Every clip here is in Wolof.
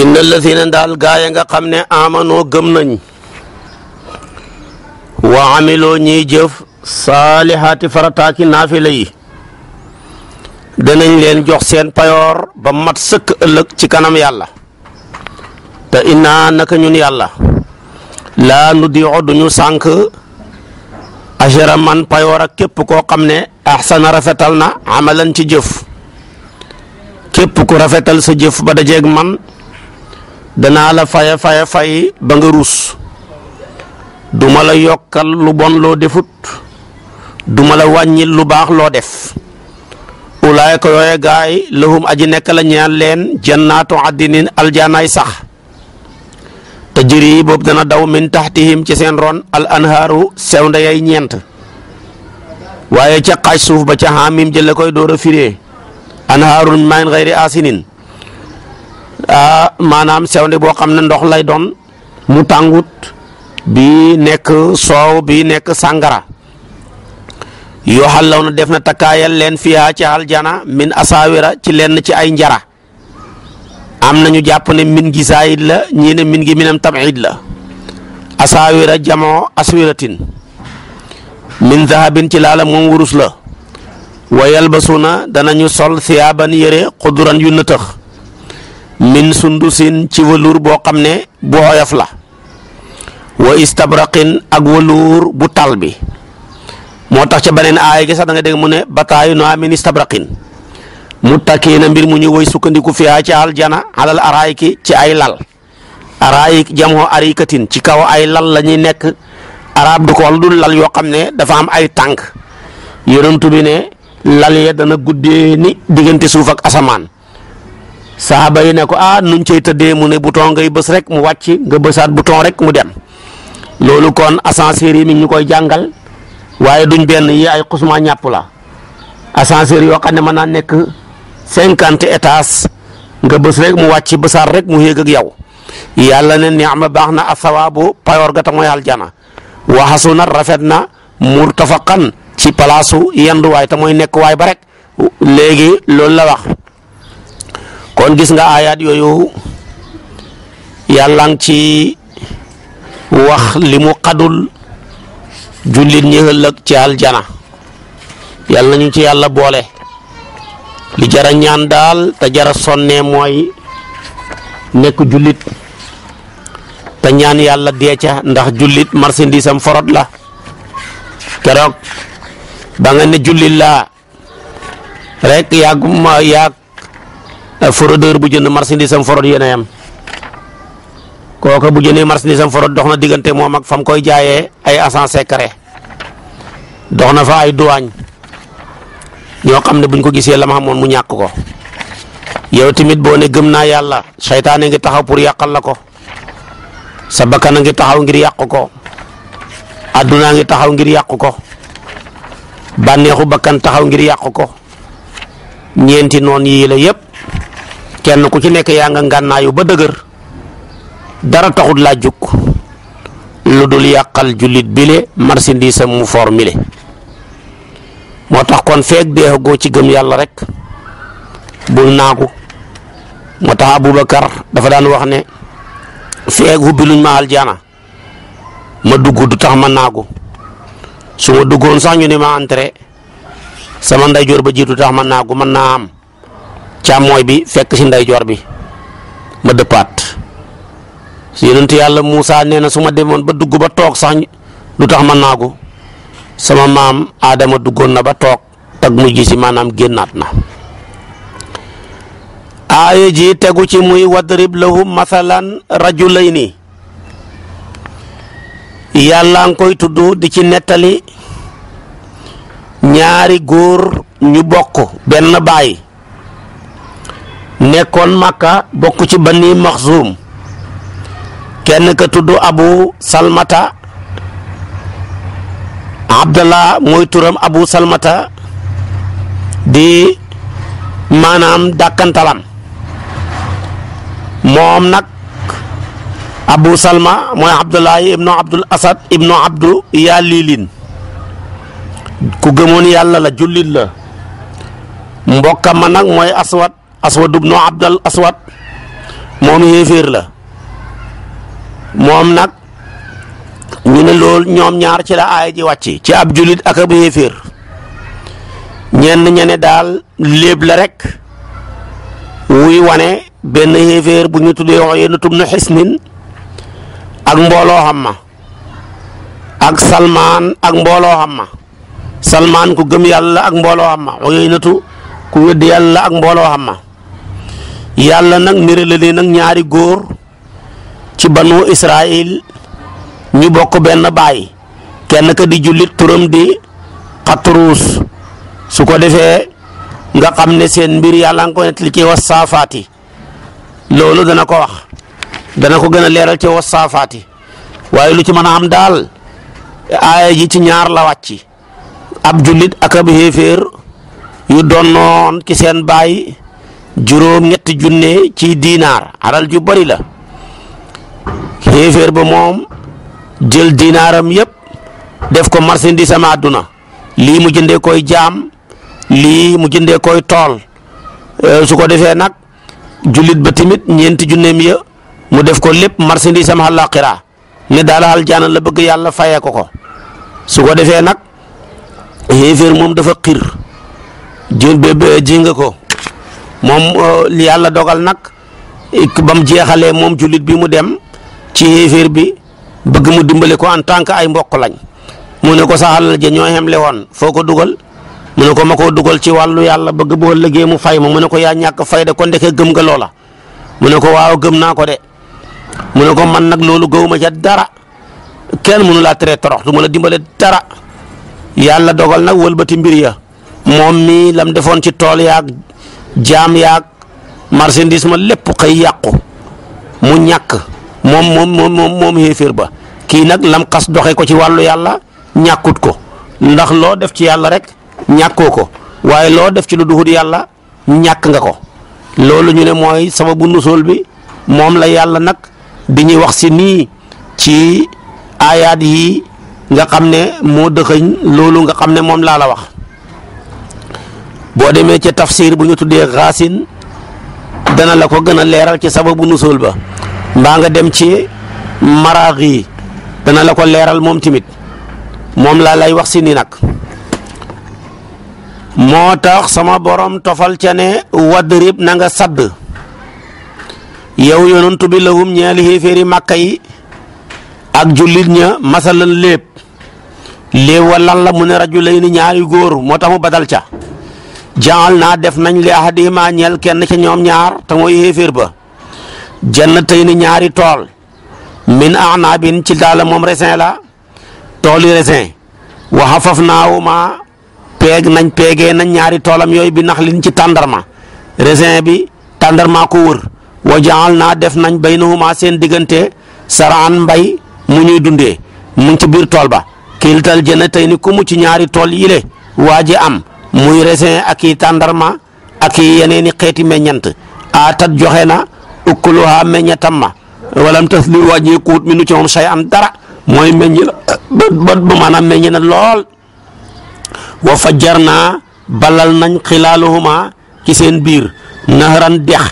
inna allazina daal gaa ya nga xam ne amanoo gëm nañ wa amiloo ñiy jëf saalihaati farataaki naafila yi danañ leen jox seen payoor ba mat sëkk ëllëg ci kanam yàlla te innaa naka ñun yàlla laa nu di o duñu sànk ajra man payoor ak képp koo xam ne ahsana rafetal na amalan ci jëf képp ku rafetal sa jëf ba dajeeg man danaa la faya faya fay ba nga ruus du ma la yokkal lu bon loo defut duma la wàññil lu baax loo def ulaay ko yooye gaay lahum aji nekk la ñaan leen jannaatu addinin aljaanaay sax te jëri boobu dana daw min taxtihim ci seen ron al anhaaru sew nda ñeent waaye ca xaaj suuf ba ca xaamim jële koy door a firee anhaarun min xayri Ah, maanaam sewnde boo xam ne ndox lay doon mu tàngut bi nekk soow bi nekk sàngara yoo xalaw na def na takkaayal leen fiyaa ci aljana min asaawira ci lenn ci ay njara am nañu jàpp ne min gi la ñii ne min gi minam tabiid la asaawira jamoo aswiratin min dahabin ci laala moom wurus la ba wa yalbasuna danañu sol siyaaban yére xuduran yu nëtëx min sundusin ci waluur boo xam ne boyof la wa istabraqin ak waluur bu tal bi moo tax ca beneen aaya gi sax da dégg mu ne bataayu naa min istabraqin mu takkiina mbir mu ñu woy sukkandiku fiyaa ci aljana alal araayiki ci ay lal araayik jamoo arikatin ci kaw ay lal lañuy nekk arab du ko wala dul lal yoo xam ne dafa am ay tànk yonent bi ne lal ya dana guddee ni diggante suuf ak asamaan saaba yi ne ko ah nuñ cey tëddee mu ne bouton ngay bës rek mu wàcc nga bësaat bouton rek mu dem loolu kon ascenseur yi mi ngi ñu koy jàngal waaye duñ benn yi ay xusma ñàpp la ascenseur yoo xam ne ma naa nekk cinquante étages nga bës rek mu wàcc bësaat rek mu yéeg ak yow yàlla ne neex ma baax na asawaabu payoor ga ta mooy aljana waxasu na rafet na tofakan ci palaasu yenduwaay te mooy nekk waay ba rek léegi loolu la wax kon gis nga aayaat yooyu yàlla ngi ci wax li mu xadul jullit ñi ëllëg ci aljana yàlla nañu ci yàlla boole li jara ñaan daal te jara sonnee mooy nekk jullit te ñaan yàlla dee ndax jullit marchandise am forot la keroog ba nga ne jullit laa rek yaag ma forodeur bu jënd marchandise am forod yéen a yem kooka bu jëndee marchandise am forod dox na diggante moom ak fam koy jaayee ay agent secret dox na fa ay douane ñoo xam ne buñ ko gisee la ma xamoon mu ñàkk ko yow tamit boo ne gëm naa yàlla seytaane ngi taxaw pour yàqal la ko sa bakkan a ngi taxaw ngir yàq ko addunaa ngi taxaw ngir yàq ko bànneexu bakkan taxaw ngir yàq ko ñeenti noon yii la yëpp kenn ku ci nekk yaa nga ngànnaayu ba dëgër dara taxut laa jug lu dul yàqal jullit bile marchandise am mu formulé moo tax kon feeg goo ci gëm yàlla rek bul naagu moo tax Aboubacar dafa daan wax ne feeg hubbi luñ ma aljaana ma dugg du tax ma naagu su ma duggoon sax ñu ne ma entré sama ndeyjoor ba jiitu tax ma naagu mën naa am. càmmooy bi fekk si ndeyjoor bi ma dëppaat yonent yàlla Moussa nee na su ma demoon ba dugg ba toog sax lu tax ma naagu sama maam Adama duggoon na ba toog mu mujj si maanaam génnaat na aaya ji tegu ci muy wadrib lahum masalan rajulayni yàlla ngi koy tudd di ci nettali ñaari góor ñu bokk benn baay nekkoon Makka bokk ci Bani Maxzuum kenn ka tudd Abu Salmata Abdallah mooy turam Abu Salmata di maanaam dàkkantalam moom nag Abu Salma mooy Abdullahi ibnu Abdul Asad ibnu Abdu Yalilin ku gëmoon yàlla la jullit la mbokkam ma nag mooy Aswad aswad ibnu abdal aswad moom yéeféer la moom nag ñu ne loolu ñoom ñaar ci la aaya ji wàcc ci ab julit ak ab yéeféer ñenn ñene daal léeb la rek wuy wane benn yéeféer bu ñu tuddee wax yenn tum nu xisnin ak mbooloo xam ma ak salmaan ak mbooloo xam salmaan ku gëm yàlla ak mbooloo xam ma wax yenn tu ku wedd yàlla ak mbooloo xam yàlla nag néralale nag ñaari góor ci banu Israil ñu bokk benn baay kenn ka jullit turam di xatruus su ko defee nga xam ne seen mbir yàlla nga ko nettali ci wasaafaati loolu dana ko wax dana ko gën a leeral ci wasaafaati waaye lu ci mën a am daal aaya ji ci ñaar la wàcc ab jullit ak ab xéeféer yu donnoon ci seen baay juróom ñetti junne ci dinaar alal ju bari la xéeféer ba moom jël dinaaram yëpp def ko marchandise am àdduna lii mu jëndee koy jaam lii mu jëndee koy tool euh, su ko defee nag jullit ba tamit ñeenti junneem ya mu def ko lépp marchandise am àllaaxira ne daal aljaana la bëgg yàlla fayee ko ko su ko defee nag xéeféer moom dafa xir jël nga ko moom euh, li yàlla dogal nag ba mu jeexalee moom jullit bi mu dem ci xéeféer bi bëgg mu dimbali ko en tant que ay mbokk lañ mu ne ko sa alal ja ñoo xemle woon foo ko dugal mu ne ko ma koo dugal ci wàllu yàlla bëgg boo liggéey mu fay ma mu ne ko yaa ñàkk fay de ko ndeke gëm nga loola mu ne ko waaw gëm naa ko de mu ne ko man nag loolu gëwuma ca dara kenn mënu laa tere torox du ma la dimbale dara yàlla dogal nag wëlbati mbir ya moom mii lam defoon ci tool yaag jaam yaag marchandise ma lépp xëy yàqu mu ñàkk moom moom moom moom moom ba kii nag lam xas doxe ko ci wàllu yàlla ñàkkut ko ndax loo def ci yàlla rek ñàkkoo ko waaye loo def ci lu duhut yàlla ñàkk nga ko loolu ñu ne mooy sababu nusool bi moom la yàlla nag bi ñuy wax si nii ci aayaat yi nga xam ne moo dëxëñ loolu nga xam ne moom laa la wax boo demee ca tafsir bu ñu tuddee xaasin dana la ko gën a leeral ci sababu nusul ba mbaa nga dem ci maraax yi dana la ko leeral moom tamit moom laa lay wax si ni nag moo tax sama borom tofal ca ne wadrib na nga sadd yow yonantu bi lahum ñaali xéeféeri màkka yi ak jullit ña masalan léeb léeb wa lan la mu ne rajulayni ñaari góor moo tax mu badal ca jaal naa def nañ li ahadihima ñeel kenn ca ñoom ñaar te mooy xéeféer ba jannatayni ñaari tool min anaabin ci daala moom raisin la tool yi raisin wa xafaf naawuma peeg nañ peegee nañ ñaari toolam yooyu bi nax lin ci tàndarma raisin bi tàndarma ko wër wa jaal naa def nañ bay baynahuma seen diggante saraan mbay mu ñuy dundee mu ngi ci biir tool ba kiiltal jannatayni ku mu ci ñaari tool yile ji am muy raisin ak i tàndarma ak i yeneen i xeeti meññant aatat joxe na ukuluha meññatam ma walam tas li wàññeekuut mi nu ci moom say am dara mooy meññ la ba ba maanaam meññ na lool wa fajjar naa balal nañ xilaaluhuma ki seen biir naharan dex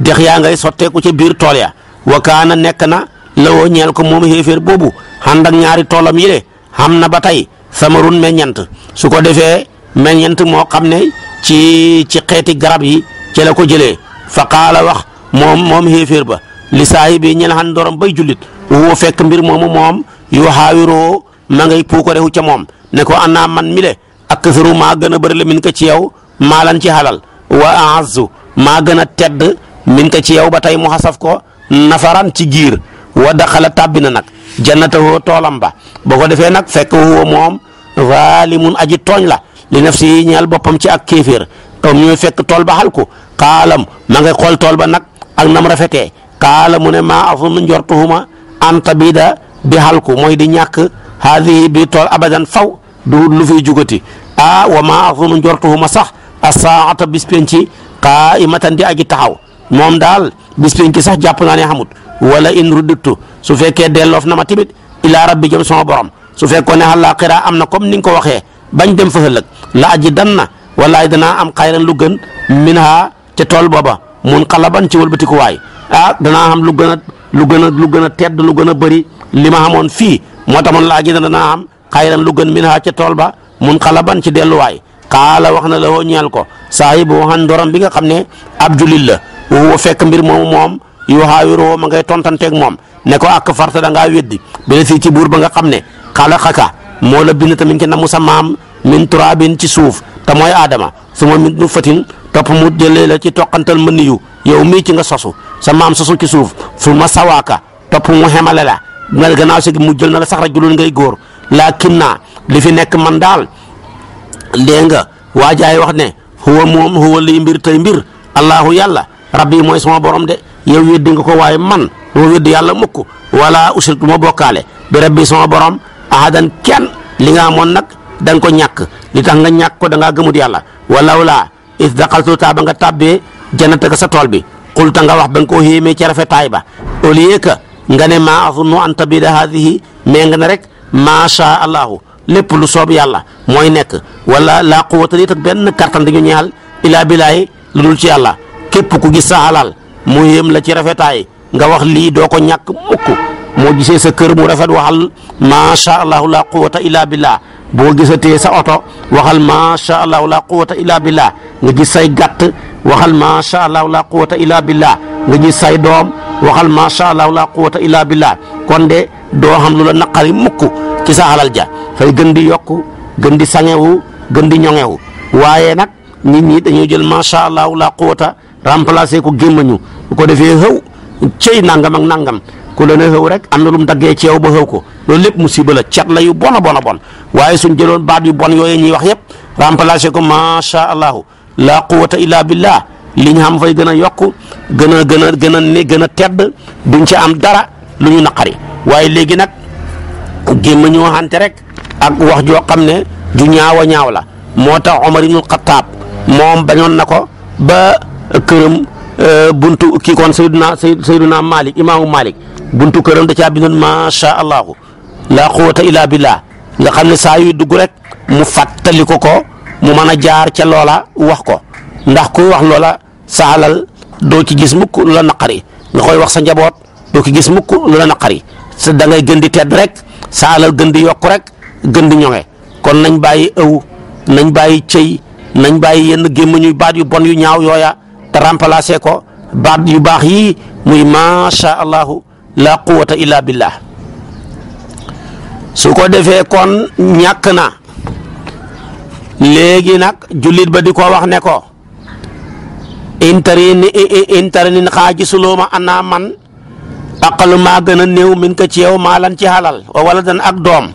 dex yaa ngay sotteeku ci biir tool ya wa kaana nekk na la woo ñeel ko moom xéeféer boobu ànd ak ñaari toolam yi de xam na ba tey samarun meññant su ko defee meññent moo xam ne ci ci xeeti garab yi ci la ko jëlee fa qaala wax moom moom xéeféer ba li saahibi ñel xan ndorom bay jullit woo fekk mbir moomu moom yoo xaawiroo ma ngay puukarewu ca moom ne ko ana man mi ak aksaru maa gën a bëri la min ko ci yow maalan ci xalal wa a'azzu maa gën a tedd min ko ci yow ba tey mu xasaf ko nafaran ci giir wa daxala tàbbi na nag jannatahu toolam ba boo ko defee nag fekk huwa moom zaalimun aji tooñ la li nafsi ñaal boppam ci ak kiifir toom ñooy fekk tool ba xal ko xaalam ma ngay xool tool ba nag ak nam rafetee xaala mu ne maa azunnu njortuhuma an tabida bi xal ko mooy di ñàkk haadihi bi tool abadan faw du lu fiy jugati a wa maa azunnu njortuhuma sax as-saa'ata bis penci qaa'imatan di aji taxaw moom daal bis penci sax jàpp naa ne xamut wala in ruddittu su fekkee delloof na ma tamit ilaa rabbi jëm sama borom su fekkoon ne àllaaxira am na comme ni nga ko waxee bañ dem fa ëllëg la aji dan na walaay danaa am xayran lu gën min ha ca tool booba mun xalaban ci wëlbatikuwaay ah danaa am lu gën a lu gën a lu gën a tedd lu gën a bëri li ma xamoon fii moo tax man la aji danaa am xayran lu gën min ha ca tool ba mun xalaban ci delluwaay xaala wax na la woo ñeel ko saahibu waxan ndoram bi nga xam ne ab julit la waxuwa fekk mbir moomu moom yoo xaawiroo ma ngay tontanteeg moom ne ko ak farta da ngaa weddi bene si buur ba nga xam ne xala moo la bind tamit ci sa maam min turaabin ci suuf te mooy aadama suma min nutfatin topp mu jëlee la ci toqantal ma niyu yow mii ci nga sosu sa maam sosu ci suuf suma sawaaka topp mu xemale la nga gannaaw si mu jël na la sax rajulun ngay góor laakin naa li fi nekk man daal dégg nga waajaay wax ne huwa moom huwa liy mbir tey mbir allahu yàlla rabbi mooy sama borom de yow weddi nga ko waaye man duma weddi yàlla mukk wala ushrik du ma bokkaale bi rabbi ahadan kenn li nga amoon nag da nga ko ñàkk li tax nga ñàkk ko da ngaa gëmut yàlla walaw laa is daxaltu taa ba nga tàbbee jannataka sa tool bi xulta nga wax ba nga koo xéemee ca rafetaay ba au que nga ne maa azunnu an tabida haadihi mais nga ne rek macha allahu lépp lu soob yàlla mooy nekk wala laa quwwata lii benn kartan dañu ñaal ilaa billaahi lu dul ci yàlla képp ku gis sa halal mu yéem la ci rafetaay nga wax lii doo ko ñàkk mukk moo gisee sa kër mu rafet waxal macha allah la quwata illah billah boo gisatee sa oto waxal macha allah la quwata illa billah nga gis say gàtt waxal macha allah la quwata illah billah nga gis say doom waxal macha allah la quwata illa billah kon de doo xam lu la naqari mukk ci sa alal ja fay gën di yokk gën di sangewu gën di ñoŋewu waaye nag nit ñi dañuy jël macha allah la quwata remplacer ko gémmañu bu ko defee xëw cëy nangam ak nangam. ku la ne xëw rek am na lu mu daggee ci yow ba xëw ko loolu lépp musiba la cat la yu bon a bon a bon waaye suñ jëloon baat yu bon yooyu ñuy wax yëpp remplacé ko macha allahu la quwata illa billah li ñu xam fay gën a yokk gën a gën gën a ne gën a tedd duñ ci am dara lu ñu naqari waaye léegi nag gémma ñu waxante rek ak wax joo xam ne ju ñaaw a ñaaw la moo tax Omar ibnul Xattaab moom bañoon na ko ba këram euh, buntu kii koon Sayyiduna Sayyiduna Malik imaamu Malik buntu këram da caa bindoon macha allahu laa quwata illa billaa nga xam ne saa yuy dugg rek mu fàttali ko ko mu mën a jaar ca loola wax ko ndax kuy wax loola sa alal doo ci gis mukk lu la naqari nga wax sa njaboot doo ci gis mukk lu la naqari sa da ngay gën di tedd rek sa alal gën di yokk rek gën di ñoŋe kon nañ bàyyi ëw nañ bàyyi cëy nañ bàyyi yenn gémmañuy baat yu bon yu ñaaw yooya te remplacer ko baat yu baax yii muy macha allahu la quwata illa billah su ko defee kon ñàkk na léegi nag jullit ba di ko wax ne ko intarin intarinin xaaji sulóoma ana man aqalu maa gën néew min ko ci yow maalan ci xalal wa wala dan ak doom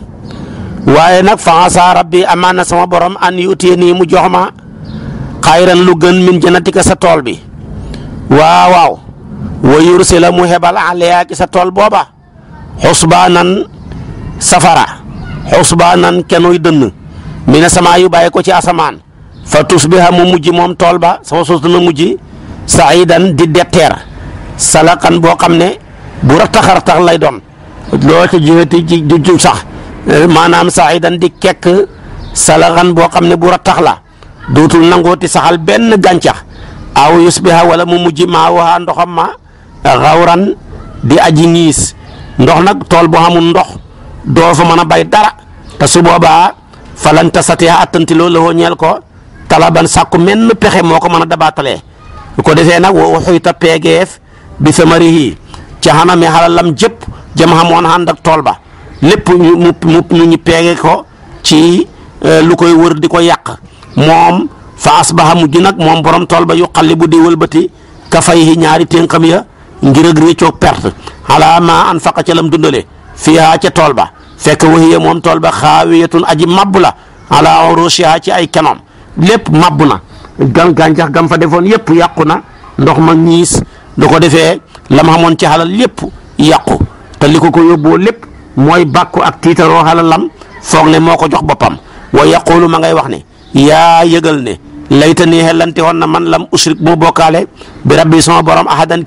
waaye nag faasa rabbi amaan sama borom an yutee nii mu jox ma xayran lu gën min janatika sa tool bi waaw waaw wa yursila mu hebal aleya ci sa tool booba xusbaanan safara xusbaanan kenuy dënn mi ne samaa yu bàyyi ko ci asamaan fa tusbiha mu mujj moom tool ba sama suus dana mujj saidan di detteer salakan boo xam ne bu rattaxar tax lay doon loo ca jëhati ci ju sax maanaam saidan di kekk salakan boo xam ne bu rattax la dootul ti saxal benn gàncax aw yusbiha wala mu mujj maa waxaa ndoxam ma xawran di aji ngiis ndox nag tool bu amul ndox doo fa mën a bay dara te su boobaa falan tasatiha attanti loolu la woo ko talaban sàkku menn pexe moo ko mën a dabaatalee bu ko defee nag woo xuyta peegeef bi samarihi ci xanami xalalam jëpp jëm xamoon ànd ak tool ba lépp mu mu mu ñu peege ko ci e, lu koy wër di ko yàq moom fa asbaha mujj nag moom borom tool ba yu xalli bu di wëlbati kafayhi ñaari tënkam ya ngir ak réccoo perte xalaa maa anfaqa ca lam dundale fiihaa ca tool ba fekk wahiya moom tool ba xaawiyatun aji mabbu la alaa urushihaa ci ay kenoom lépp mabbu na gan gàncax gam fa defoon yépp yàqu na ndox ma ñiis du ko defee lam xamoon ci xalal lépp yàqu te li ko ko yóbboo lépp mooy bàkku ak tiitaroo xalalam foog ne moo ko jox boppam wa yaqulu ma ngay wax ne yaa yëgal ne layta nii xellante woon na man lam usrik mu bokkaale bi rabbi sama borom ahadan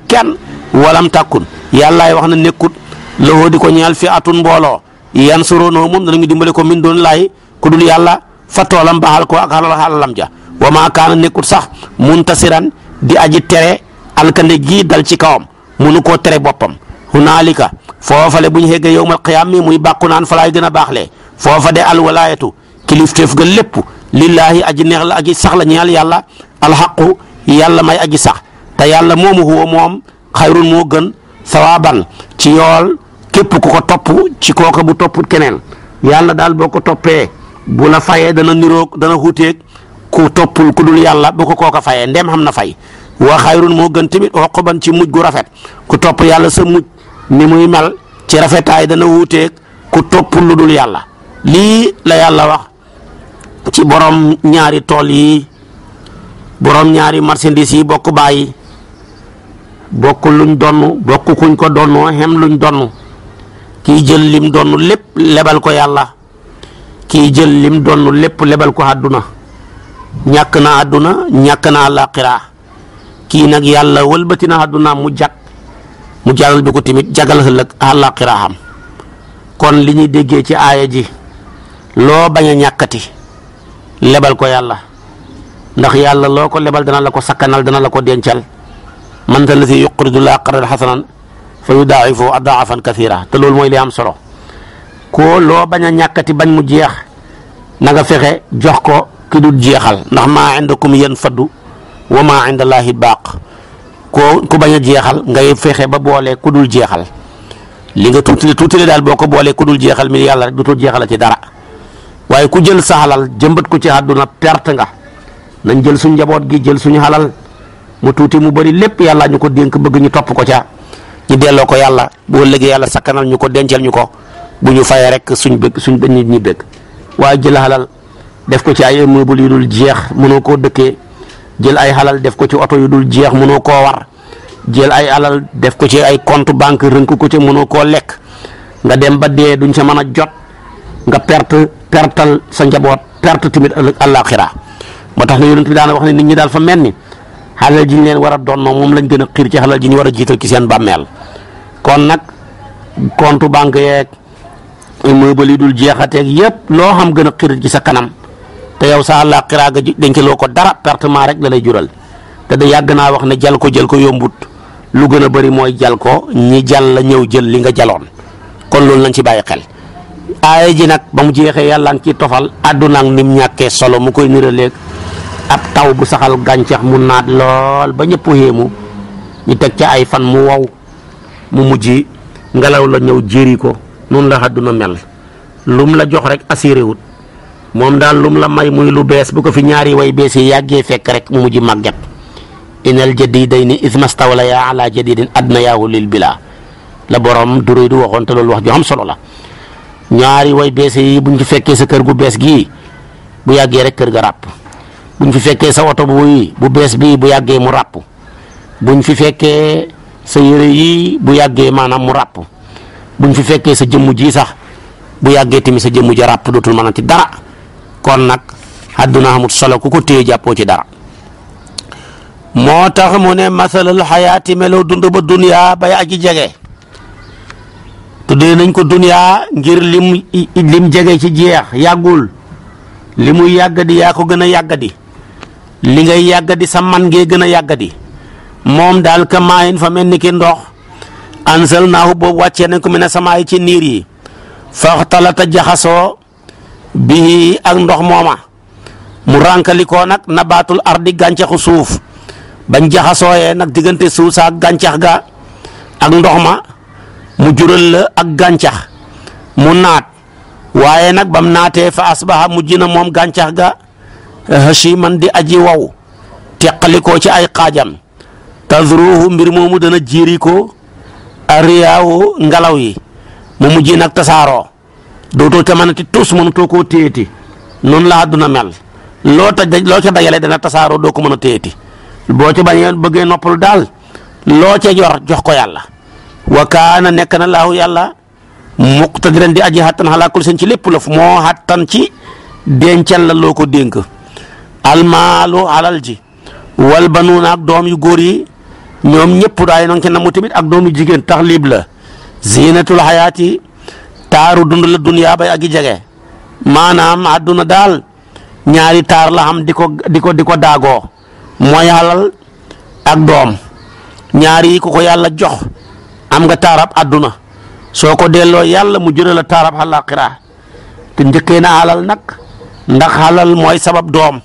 walam takkun yàllaay wax na nekkut lawoo ko ñaal fi atun mbooloo yan suróonoo moom danañu dimbale ko min doon laay ku dul fa toolam baxal ko ak xalal xalalam ja wa maa kaana nekkut sax muntasiran di aji tere alkande gi dal ci kawam munu koo tere boppam hunaalika foofale bu ñu xeggee yowmal qiyaam mi muy bàkku naan falaay gën a baaxlee foofa de alwalaayatu kilifteef ga lépp lillaahi aji neex la aji sax la ñaal yàlla alxaqu yàlla may aji sax te yàlla moomu huwa moom xayrun moo gën sawaaban ci yool képp ku ko topp ci kooka bu topput keneen yàlla daal boo ko toppee bu la fayee dana niroog dana xuuteeg ku toppul ku dul yàlla bu ko kooka fayee ndem xam na fay wa xayrun moo gën ko ban ci mujj gu rafet ku topp yàlla sa mujj ni muy mel ci rafetaay dana wuuteeg ku topp lu dul yàlla lii la yàlla wax ci borom ñaari tool yi borom ñaari marchandise yi bokk bàyyi bokk luñ donn bokk ko donnoo xem luñ donn kii jël lim donn lépp lebal ko yàlla kii jël lim donn lépp lebal ko àdduna ñàkk na àdduna ñàkk na àllaaxira kii nag yàlla wëlbati na àdduna mu jag mu jàll bi ko tamit jagal ëllëg àllaaxira am kon li ñuy déggee ci aaya ji loo bañ a ñàkkati lebal ko yàlla ndax yàlla loo ko lebal dana la ko sakkanal dana la ko dencal man dal lazi yuqridu laa qardan hasanan fa yudaa'ifu adaafan kasiira te loolu mooy li am solo ko loo bañ a ñàkkati bañ mu jeex na nga fexe jox ko ki dul jeexal ndax maa indakum yanfadu wa maa indallaahi baaq ko ku bañ a jeexal ngay fexe ba boole ku dul jeexal li nga tuutile tuutile daal boo ko boolee ku dul jeexal mi yàlla rek du too jeexal ci dara waaye ku jël sa xalal jëmbat ko ci àdduna perte nga nañ jël suñ njaboot gi jël suñu xalal mu tuuti mu bari lépp yàlla ñu ko dénk bëgg ñu topp ko ca ñu delloo ko yàlla boo léegi yàlla sakkanal ñu ko dencal ñu ko bu ñu fayee rek suñ bëgg suñ nit ñi bëgg waaye jël xalal def ko ci ay immeuble yu dul jeex mënoo koo dëkkee jël ay xalal def ko ci oto yu dul jeex mënoo koo war jël ay alal def ko ci ay compte banque rënk ko ci mënoo koo lekk nga dem ba dee duñ sa mën a jot nga perte pertal sa njaboot perte tamit ëllëg àllaaxira moo tax na yonent bi daana wax ne nit ñi daal fa mel ni xalal ji ñu leen war a donnoo moom lañ gën a xiir ci xalal ji ñu war a jiital ci seen bàmmeel kon nag compte banque yeeg immeuble yi dul jeexateeg yépp loo xam gën a xiir ci sa kanam te yow sa àllaa xiraaga dencaloo ko dara pertement rek la lay jural te da yàgg naa wax ne jal ko jël ko yombut lu gën a bëri mooy jal ko ñi jal la ñëw jël li nga jaloon kon loolu lañ ci bàyyi xel aaya ji nag ba mu jeexee yàlla ngi ciy tofal àdduna ak nim ñàkkee solo mu koy niraleeg ab taw bu saxal gàncax mu naat lool ba ñëpp yéemu ñu teg ca ay fan mu wow mu mujj ngelaw la ñëw jéeri ko noonu la àdduna mel lum la jox rek assuré wut moom daal lum la may muy lu bees bu ko fi ñaari woy bees yi yàggee fekk rek mu mujj màgget inal jadidayni ismastawla yaa ala àdduna adnayaahu lil bilaa la borom durée di waxoon te loolu wax ju am solo la ñaari woy bees yi buñ ci fekkee sa kër gu bees gii bu yàggee rek kër ga ràpp buñ fi fekkee sa woto bu bu bees bii bu yàggee mu ràpp buñ fi fekkee sa yére yii bu yàggee maanaam mu ràpp buñ fi fekkee sa jëmm ji sax bu yàggee tamit sa jëmm ja ràpp dootul mën a ci dara kon nag àdduna amut solo ko ko téye jàppoo ci dara moo tax mu ne masalal xayaati meloo dund ba duniyaa bay aji jege tuddee nañ ko duniyaa ngir lim lim jege ci jeex yàggul li muy yàggadi yaa ko gën a yàggadi li ngay yàggadi sa man ngee gën a yàggadi moom daal ka maayin fa mel ni ki ndox ansal naahu boobu wàccee nañ ko mu ne samaay ci niir yi faxtalata jaxasoo bi ak ndox mooma mu rànkalikoo nag nabaatul ardi gàncaxu suuf bañ yee nag diggante suuf sa ak gàncax ga ak ndox ma mu jural la ak gàncax mu naat waaye nag bam naatee fa asbaha mujj na moom gàncax ga man di aji waw teqalikoo ci ay xaajam tadruhu mbir moomu dana jiiri ko ariyaawu ngelaw yi mu mujj nag tasaaroo dootoo ca mën a ti tus mënutoo koo téyeti noonu la àdduna mel loo ta loo ca dajale dana tasaaroo doo ko mën a téyeti boo ca bañee bëggee noppalu daal loo ca yor jox ko yàlla wa kaana nekk na laahu yàlla muqtadiran di aji xattan xalaa kul seen ci lépp la fu moo xattan ci dencal la loo ko dénk almaalu alal ji wal banuuna ak doom yu góor yi ñoom ñëpp daay noonu ci namu tamit ak doom yu jigéen tax liib la ziinatul xayaati taaru dund la duniyaa bay ak i jege maanaam àdduna daal ñaari taar la am di ko di ko di ko daagoo mooy alal ak doom ñaari yi ko yàlla jox am nga taarab àdduna soo ko delloo yàlla mu jëral la taarab àllaaxira te njëkkee na alal nag ndax alal mooy sabab doom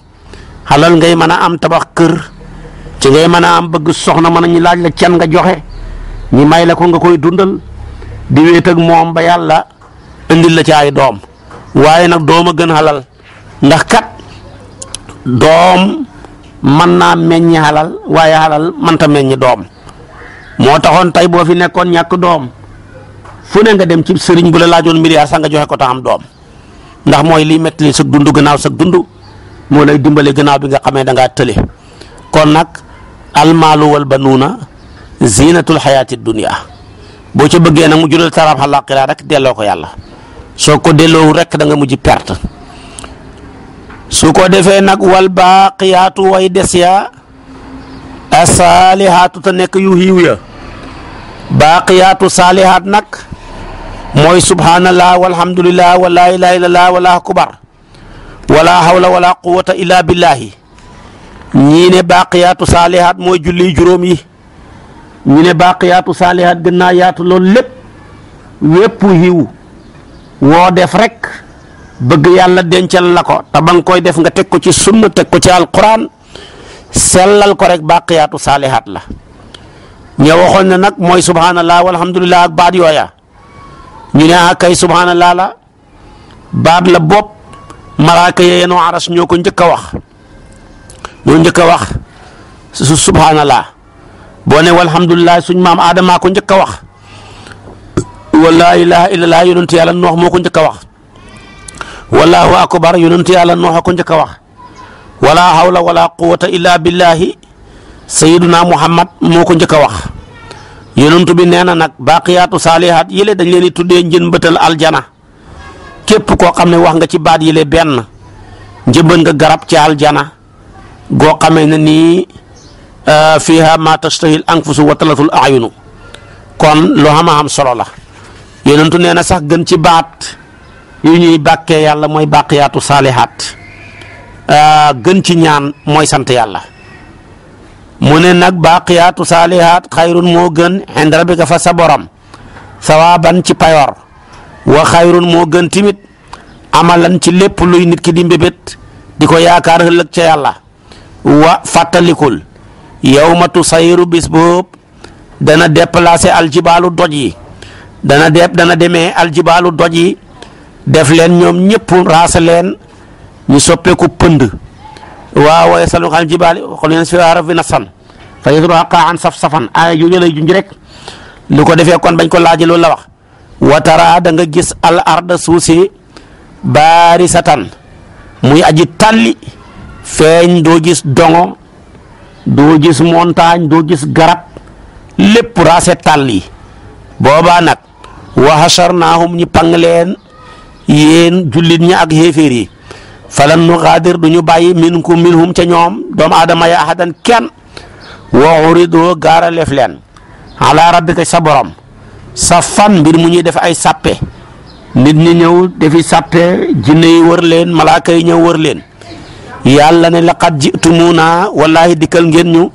xalal ngay mën a am tabax kër ci ngay mën a am bëgg soxna mën ñu laaj la can nga joxe ñi may la ko nga koy dundal di wéet moom ba yàlla indil la ci ay doom waaye nag doom a gën xalal ndax kat doom mën naa meññi xalal waaye xalal mënta meññi doom moo taxoon tey boo fi nekkoon ñàkk doom fu ne nga dem ci sëriñ bu la laajoon milliard sax nga joxe ko ta doom ndax mooy liy metti li sa dund gannaaw sa dund moo lay dimbale gannaaw bi nga xamee da ngaa kon nag almaalu wal banuuna ziinatul xayaati dunia boo ca bëggee nag mu jural taraab xalaaqiraa rek delloo ko yàlla soo ko delloowu rek danga mujj perte su ko defee nag wal baaqiyaatu way des ya asaalihaatu te nekk yu xiiw baaqiyaatu saalihaat nag mooy subhanallah walhamdulillah wa laa ilaaha illallah wallahu wala hawla wala quwata illa billahi ñii ne baaqiyaatu saalihaat mooy julli juróom yi ñu ne baaqiyaatu saalihaat gën lool yaatu loolu lépp wépp yiw woo def rek bëgg yàlla dencal la ko te ba nga koy def nga teg ko ci sunna teg ko ci alquran sellal ko rek baaqiyaatu saalihaat la ña waxoon ne nag mooy subhanallah walhamdulillah ak baat yooya ñu ne ah kay subhanallah la baat la bopp malaaka yee aras ñoo ko njëkk a wax ñoo njëkk a wax su subhanallah boo suñ maam aadamaa ko njëkk a wax wala ilaha illallah yonent yàlla noox moo ko njëkk a wax wallahu akbar yonent yàlla noox a ko njëkk a wax wala hawla wala quwata illa billahi sayiduna muhammad moo ko njëkk a wax yonent bi nee na nag baaqiyaatu saalihaat yële dañ leen di tuddee njën bëtal aljana képp koo xam ne wax nga ci baat yi le benn njëmbat nga garab ci aljana goo xamee ne nii euh, fiha ma tastahil anfusu wa talatul ayunu kon loo xam am solo la yonentu nee na sax gën ci baat yu ñuy bàkkee yàlla mooy bàqiyaatu saalihaat euh, gën ci ñaan mooy sant yàlla mu ne nag baaqiyaatu saalihaat xayrun moo gën inda rabbika fa sa borom sawaaban ci payoor wa xayrun moo gën timit amalan ci lépp luy nit ki di mbébét di ko yaakaar ëllëg ca yàlla wa fàttalikul yawma tusayru bis boobu dana déplacé aljibaalu doj yi dana de dana demee aljibaalu doj yi def leen ñoom ñëpp raase leen ñu soppeeku pënd waaw waaye salo xal jibaali xol yeen siwaara fi nasan fa yadruha qaan saf safan aaya jooju lay junj rek lu ko defee kon bañ ko laaje loolu la wax watara da nga gis al arda suusee baari satan muy aji tàlli feeñ doo gis dongo doo gis montagne doo gis garab lépp raase tàlli boobaa nag wa hasharnaahum ñi pang leen yéen jullit ñi ak xéeféer yi falan nu xaadir du ñu bàyyi minkum minhum ca ñoom doomu aadama ya ahadan kenn wa uridoo gaara lef leen ala rabbika sa borom safan mbir mu ñuy def ay sappe nit ñi ñëw defi sàppe jinne yi wër leen malaaka yi ñëw wër leen yàlla ne laqad naa wallahi dikkal ngeen ñu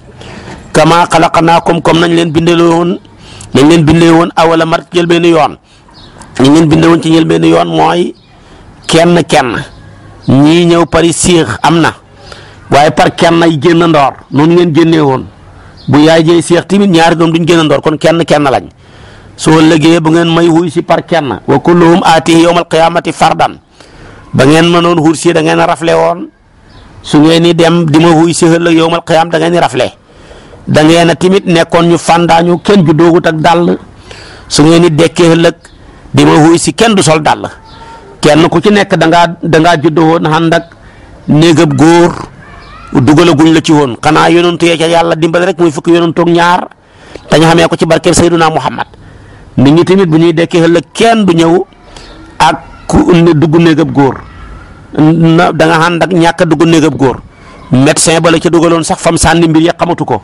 kama xalaqnaakum comme nañ leen bindee woon nañ leen bindee woon awala mar ci njëlbeen yoon nañ leen bindee woon ci njëlbeen yoon mooy kenn kenn ñii ñëw par pari siix am na waaye par kenn ay génn ndoor noonu ngeen génnee woon bu yaay jëy siix tamit ñaari doom duñ génn ndoor kon kenn kenn lañ soo lëggee bu ngeen may wuy si par kenn wa kulluhum aatihi yawmal qiyaamati fardan ba ngeen mënoon xuur si da ngeen rafle woon su ngeen di dem di ma wuy si ëllëg yawmal qiyaam da ngeen di rafle da ngeen timit nekkoon ñu fandaañu kenn ju doogut ak dàll su ngeen dekkee ëllëg di ma wuy si kenn du sol dàll kenn ku ci nekk da ngaa da ngaa juddoo woon ànd ak góor dugalaguñ la ci woon kanaa yonantu yee ca yàlla dimbali rek muy fukki yonantu ñaar dañu xamee ko ci barkeb Sayyiduna Muhammad nit ñi tamit bu ñuy dekkee ëllëg kenn du ñëw ak ku ne dugg néegab góor na da nga ànd ak ñàkk a dugg néegab góor médecin ba la ca dugaloon sax fam sànni mbir ya xamatu ko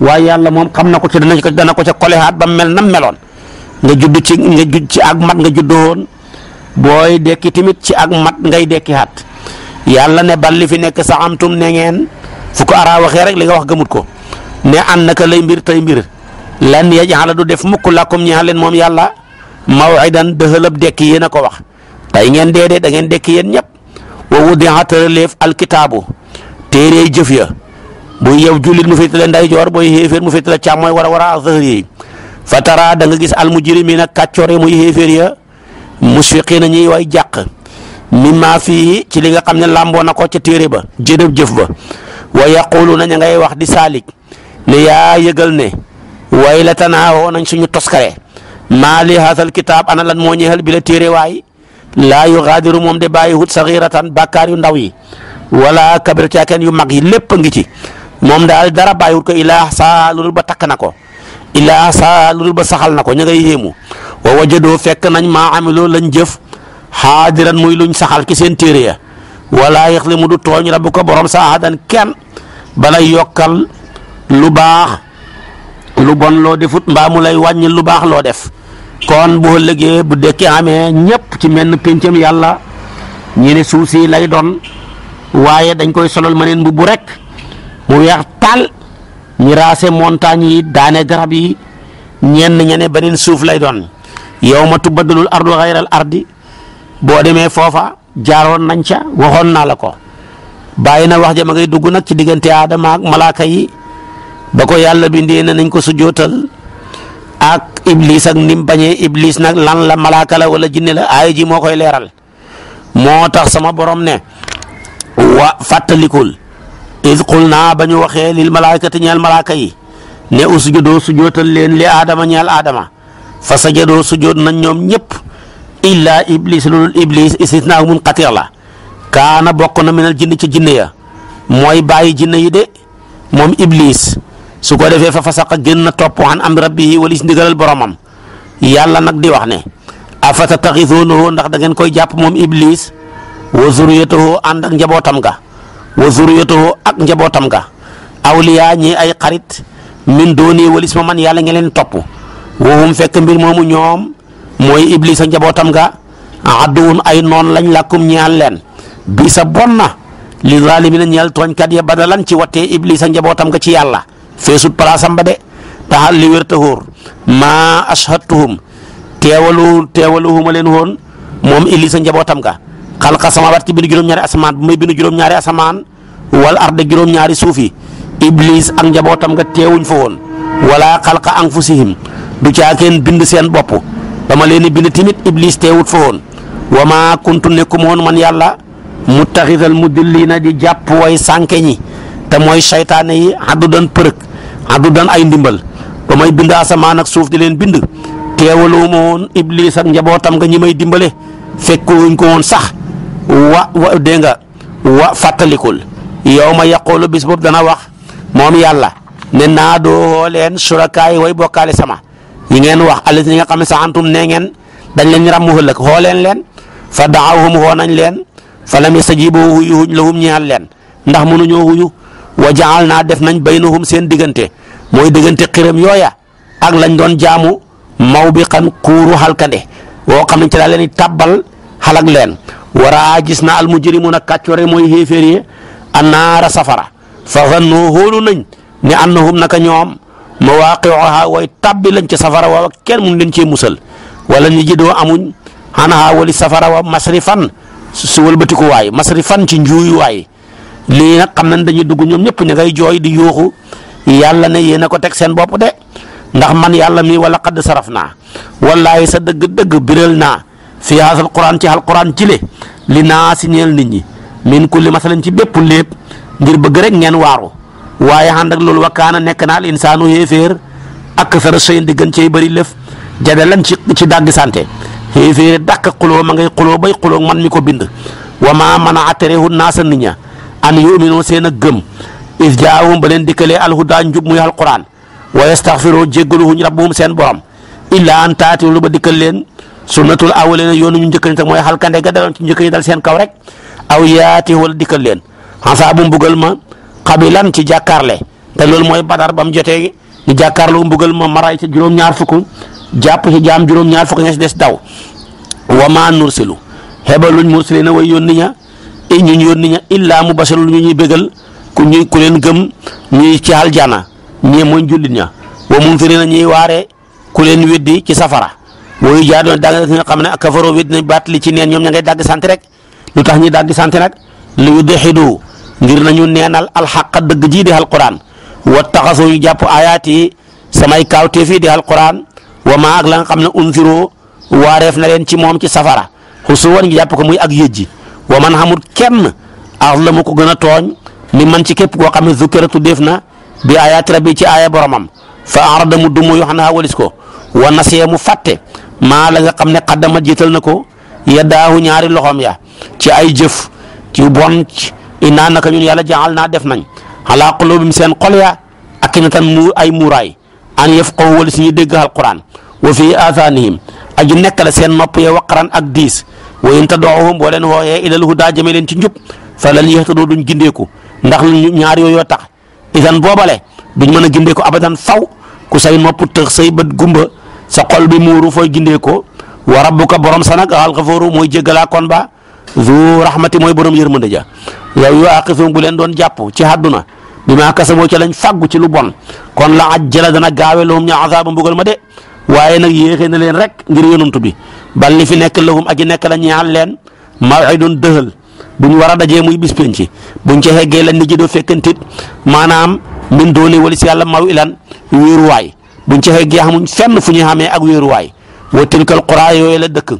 waaye yàlla moom xam na ko ci dana ko dana ko ca kolehaat ba mel na meloon nga judd ci nga judd ci ak mat nga juddoon booy dekki tamit ci ak mat ngay dekki haat yàlla ne balli fi nekk sax amtum ne ngeen fu ko araa waxee rek li nga wax gëmut ko ne an naka lay mbir tay mbir lan yajala du def mukk lakum ñi leen moom yàlla mawidan dëxalab dekki yéen a ko wax tey ngeen dee dee da dekki yéen ñëpp wa wudi'a tëraleef alkitaabu téere jëf ya buy yow jullit mu féetale ndeyjoor booy xéeféer mu féetale càmmooy war a war a zahri yi fatara da nga gis almujrimiina kàccoor yi muy xéeféer ya musfiqiina ñuy way jàq mimma fii ci li nga xam ne làmboo na ko ca téere ba jëdëb jëf ba wa yaquluuna ña ngay wax di saalik yëgal waylatanaa woo nañ suñu toskare maa li haasal kitaab ana lan moo ñeexal bi la téere waay laa yugaadiru moom de bàyyi hut saxiratan bàkkaar yu ndaw yi wala kabiratan yu mag yi lépp a ngi ci moom daal dara bàyyi wut ko ilaa saa lu dul ba takk na ko ilaa saa lu dul ba saxal na ko ña ngay yéemu wa wajadoo fekk nañ maa amiloo lañ jëf xaadiran muy luñ saxal ki seen téere ya wala yaxlimu du tooñ rabbu ko borom sa ahadan kenn balay yokkal lu baax lu bon loo defut mbaa mu lay wàññi lu baax loo def kon boo lëgee bu dëkki amee ñëpp ci menn péncam yàlla ñi ne suuf si lay doon waaye dañ koy solal ma neen mbubb rek mu weex taal ñi raase montagne yi daane garab yi ñenn ñene beneen suuf lay doon yow ma tubbadalul ardu xayral ardi boo demee foofa jaaroon nañ ca waxoon naa la ko bàyyi na wax ja ma ngay dugg nag ci diggante aadama ak malaaka yi ba ko yàlla bindee ne nañ ko sujjootal ak iblis ak nim bañee iblis nag lan la malaaka la wala jinne la aaya ji moo koy leeral moo tax sama borom ne wa fàttalikul id qul naa ba ñu waxee lil malaakati ñeel malaaka yi ne usjudoo sujjootal leen li aadama ñeel aadama fa sajadoo sujjoot nañ ñoom ñëpp illa iblis lulul iblis istisnaa mun xatir la kaana bokk na minal jinni ci jinne ya mooy bàyyi jinne yi de moom iblis su ko defee fa fasaqa génn na topp an am rabbihi wala si ndigalal boromam yàlla nag di wax ne a afata taxisuunahu ndax da ngeen koy jàpp moom iblis wa zuriyatahu ànd ak njabootam ga wa zuriyatahu ak njabootam nga awliya ñi ay xarit min dooni walis ma man yàlla ngeen leen topp woohum fekk mbir moomu ñoom mooy iblis ak njabootam nga adduwun ay noon lañ làkkum ñaan leen bi sa bon a li zalimina ñeel tooñkat ya badalan ci wattee iblis ak njabootam nga ci yàlla feesut palaasam ba de taxal li wér te xóor maa ashhadtuhum teewalu teewaluhuma leen woon moom Ibliis a njabootam ga xalqa samaawaat ci bindu juróom-ñaari asamaan bu may bindu juróom-ñaari asamaan wal arde juróom-ñaari suuf yi Ibliis ak njabootam nga teewuñ fa woon wala xalqa anfusihim du caa kenn bind seen bopp dama ma leen bind tamit Ibliis teewut fa woon wa maa kuntu nekkum woon man yàlla muttaxidal mudillina di jàpp way sànke ñi te mooy saytaane yi addu doon addu dan ay ndimbal ba may bind asamaan ak suuf di leen bind teewaluma woon iblis ak njabootam nga ñi may dimbale fekkuñ ko woon sax wa wa dégg nga wa fàttalikul yow ma yaqulu bis boobu dana wax moom yàlla ne naa doo leen surakaay way bokkaale sama ñi ngeen wax alis ñi nga xam ne sa antum nee ngeen dañ leen ràmm ëllëg xoo leen leen fa daawhum xoo nañ leen fa lam yastajibu huyuhuñ lahum ñaal leen ndax mënuñoo huyu wa jaal naa def nañ baynahum seen diggante mooy diggante xiram yooya ak lañ doon jaamu maw bi xan kuuru halkande woo xam ne ci laa leen di xalak leen waraa gis na almujrimuuna mooy xéeféer yi annaara safara fa zannoo hóolu nañ ne annahum naka ñoom mawaaqiuha way tàbbi lañ ca safara waaw kenn mun leen cee musal wala ñu jidoo amuñ xanaa wali safara wa masrifan su wëlbatiku waay masrifan ci njuuy waay lii nag xam nañ dañuy dugg ñoom ñëpp ña ngay jooy di yuuxu yàlla ne yéen a ko teg seen bopp de ndax man yàlla mii wala xadd saraf naa wallaahi sa dëgg-dëgg biral naa fi haasal quran ci hal quran ci le li naa si ñeel nit ñi min kulli masalan ci bépp lépp ngir bëgg rek ngeen waaru waaye ànd ak loolu wakkaana nekk naal insaanu xéeféer a sara sëyin di gën cey bëri lëf jadalan ci ci dàgg santé xéeféer dàq xuloo ma ngay xuloo bay xuloo man mi ko bind wa ma mën a atteré hu naasa nit an yuminu seen a gëm is jaahum ba leen dikkalee alhudaa njub muy alquran wa yastaxfiru jéggaluhuñ rabbuhum seen borom illaa an taati lu ba dikkal leen sunnatul awwalina yoonu ñu njëkk ñi teg mooy xalkande ga daloon ci njëkk ñi dal seen kaw rek aw yaati wala dikkal leen xasaabum mbugal ma xabilan ci jàkkaarle te loolu mooy badar ba mu jotee ñu jàkkaarloo mbugal ma maray ci juróom-ñaar fukk jàpp ci jaam juróom-ñaar fukk ña des daw wa maa nursilu xebaluñ mursilina way yónni ña i ñu yónni ña illaa mu ku ñu ku leen gëm ñuy ci aljana ñii mooy jullit ña wa na ñuy waare ku leen weddi ci safara mooy jaadoo danga nga xam ne ak kafaroo weddi nañ baat li ci neen ñoom ña ngay dagg sant rek lu tax ñuy dagg sant nag li yudhidu ngir nañu neenal alxaqa dëgg jii de di alquran wa taxasoo ñu jàpp ayaat yi samay kaawteef yi di alquran wa maa ak la nga xam ne unziroo waareef na leen ci moom ci safara xusuwan ñu jàpp ko muy ak yëjji wa man xamul kenn azlamu ko gën a tooñ. li man ci képp koo xam ne zukkiratu def na bi ayaati rabbi ci aaya boromam fa arada mu dumu yoo xam ne walis ko wa nasiya mu fàtte maa la nga xam ne xaddama jiital na ko yaddaahu ñaari loxoom ya ci ay jëf ci bon innaa naka ñun yàlla jaxal naa def nañ alaa quluubihim seen xol ak akinatan mu ay muuraay an yafqahu walis ñu dégg alquran wa fi aathaanihim aji nekk la seen nopp ya waqaran ak diis wa in tad'uhum boo leen wooyee ilal hudaa jëme leen ci njub fa lan yahtaduu duñ gindeeku ndax ñaar yooyoo tax idan boobale duñ mën a gindee ko abadan faw ku say nopp tëx say bët gumba sa xol bi muuru fooy gindee ko wa rabbuka borom sa nag alxafooru mooy jéggalaa kon ba zu rahmati mooy borom yërmande ja yow yu aqifum bu leen doon jàpp ci àdduna bi maa kasaboo ca lañ fàggu ci lu bon kon la ajjala dana gaawe lahum ña azaaba mbugal ma de waaye nag yéexee na leen rek ngir yonantu bi bal li fi nekk lahum aji nekk la ñaal leen mawidun dëhël bu ñu war a dajee muy bis penc buñ ca xeggee lan ni ji doo fekkantit maanaam min doole wala si yàlla maw ilan wéeruwaay ñu ca xeggee xamuñ fenn fu ñu xamee ak wéeruwaay wa tilkal qura yooyu la dëkk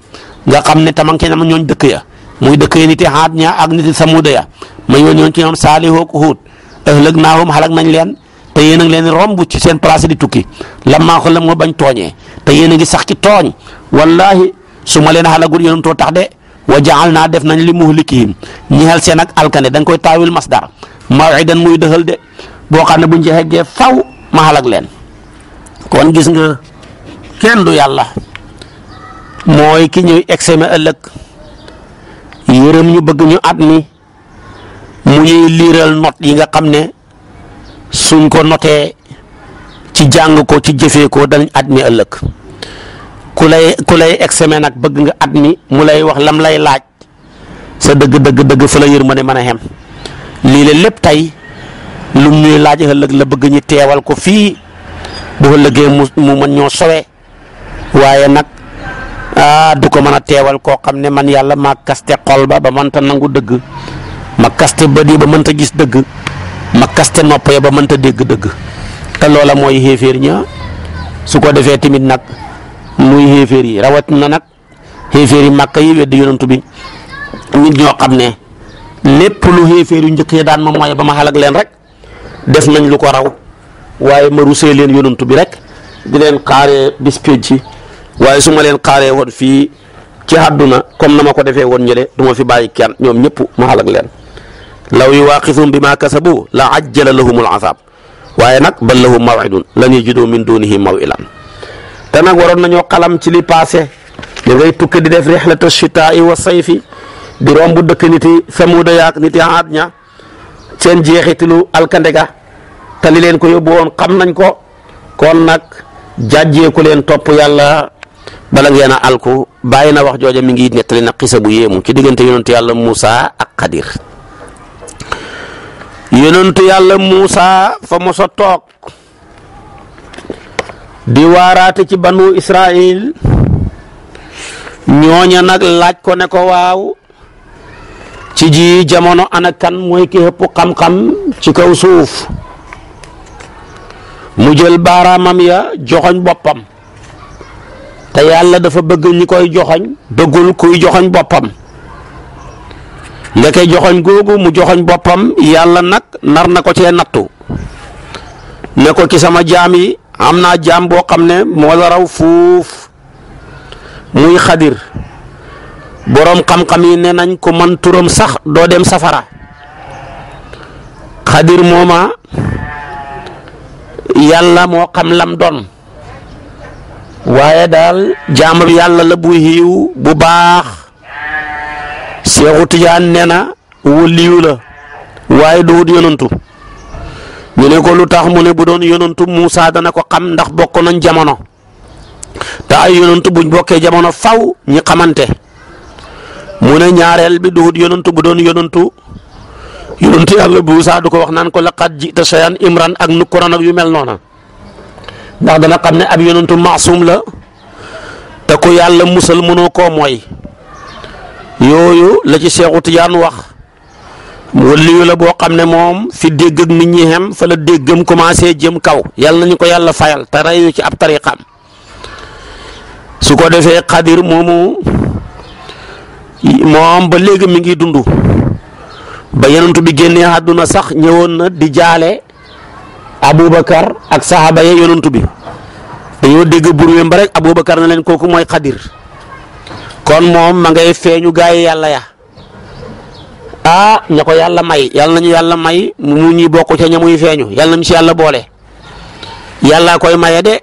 nga xam ne tamanke nam ñooñ dëkk ya muy dëkk ya niti xaat ña ak niti samuda ya ma yoon yoon ci ñoom saalihoo ko xuut ëllëg naahum xalak nañ leen te yéen a leen romb ci seen place di tukki lammaa ko lam bañ tooñee te yéen a ngi sax ci tooñ wallahi su ma leen xalagul yonentoo tax de wa jaal naa def nañ li muhlikihim ñexel seen ak alkane da nga koy taawil masdar mawidan muy dëxal de boo xam ne buñ ci xeggee faw ma xalak leen kon gis nga kenn du yàlla mooy ki ñuy exeme ëllëg yërëm ñu bëgg ñu at mi mu ñuy liiral not yi nga xam ne suñ ko notee ci jàng ko ci jëfee ko dañ at mi ëllëg ku lay ku lay examen nag bëgg nga at mi mu lay wax lam lay laaj sa dëgg dëgg dëgg fa la ma yërmande mën a xem lii la lépp tey lum ñuy laaj ëllëg la bëgg ñu teewal ko fii bu ëllëgee mu mu ñoo sowe waaye nag ah du ko mën a teewal koo xam ne man yàlla maa kaste xol ba ba mënta nangu dëgg ma kaste bët yi ba mënta gis dëgg ma kaste nopp ya ba mënta dégg dëgg te loola mooy xéeféer ña su ko defee tamit nag muy xéeféer yi rawat na nag xéeféer yi màkka yi weddi yonantu bi nit ñoo xam ne lépp lu xéeféer yu njëkk yi daan ma mooy ba ma xalag leen rek des nañ lu ko raw waaye ma rusee leen yonantu bi rek di leen xaaree bis pénc waaye su ma leen xaaree woon fii ci àdduna comme na ma ko defee woon ñële du fi bàyyi kenn ñoom ñëpp ma xalag leen law yuwaaqifum bi ma kasabu la ajjala lahumul azab waaye nag bal lahum mawidun lan yajidu min dunihi mawilan te nag waroon nañoo xalam ci li passé da ngay tukki di def rixlata chitaa'i wa sayfi di romb dëkk nit yi samuuda yaak nit yi aad ña seen jeexitalu alkandega te li leen ko yóbbu woon xam nañ ko kon nag jàjjeeku leen topp yàlla bala ngeen a alku bàyyi na wax jooja mi ngi nettali na xisa bu yéemu ki diggante yonentu yàlla Moussa ak Xadir yonentu yàlla Moussa fa mos toog di waaraate ci banu Israil ñooña nag laaj ko ne ko waaw ci ji jamono ana kan mooy xam-xam ci kaw suuf mu jël baaraamam ya joxoñ boppam te yàlla dafa bëgg ñi koy joxoñ bëggul kuy joxoñ boppam ndeke joxoñ googu mu joxoñ boppam yàlla nag nar na ko cee nattu ne ko ci sama jaam yi am naa jaam boo xam ne moo la raw fuuf muy xadir boroom xam-xam yi ne nañ ko man turam sax doo dem safara xadir mooma yàlla moo xam lam doon waaye daal jaam yàlla la bu hiiw bu baax Seexu Tijaan nee na waliyu la waaye du wut mu ne ko lu taax mu ne bu doon yonantu Moussa dana ko xam ndax bokk nañ jamono te ay yonantu buñ bokkee jamono faw ñi xamante mu ne ñaareel bi duhut yonantu bu doon yonantu yonantu yàlla Moussa du ko wax naan ko laqad jita shayan imran ak nukuran ak yu mel noona ndax dana xam ne ab yonantu maasum la te ko yàlla musal mënoo ko moy yooyu la ci Seexu Tijaan wax waliyu la boo xam ne moom fi dégg ak nit ñi xem fa la déggam commencé jëm kaw yàlla nañu ko yàlla fayal te reyu ci ab tariqam su ko defee xadir moomu moom ba léegi mi ngi dund ba yenentu bi génnee àdduna sax ñëwoon na di jaale aboubacar ak sahaba ya yonentu bi dañoo dégg burwéem ba rek aboubacar na kooku mooy xadir kon moom ma ngay feeñu gaay yàlla ya ah ña ko yàlla may yàlla nañu yàlla may mu ñuy bokk ca ñamuy feeñu yàlla nañ ci yàlla boole yàlla koy maye de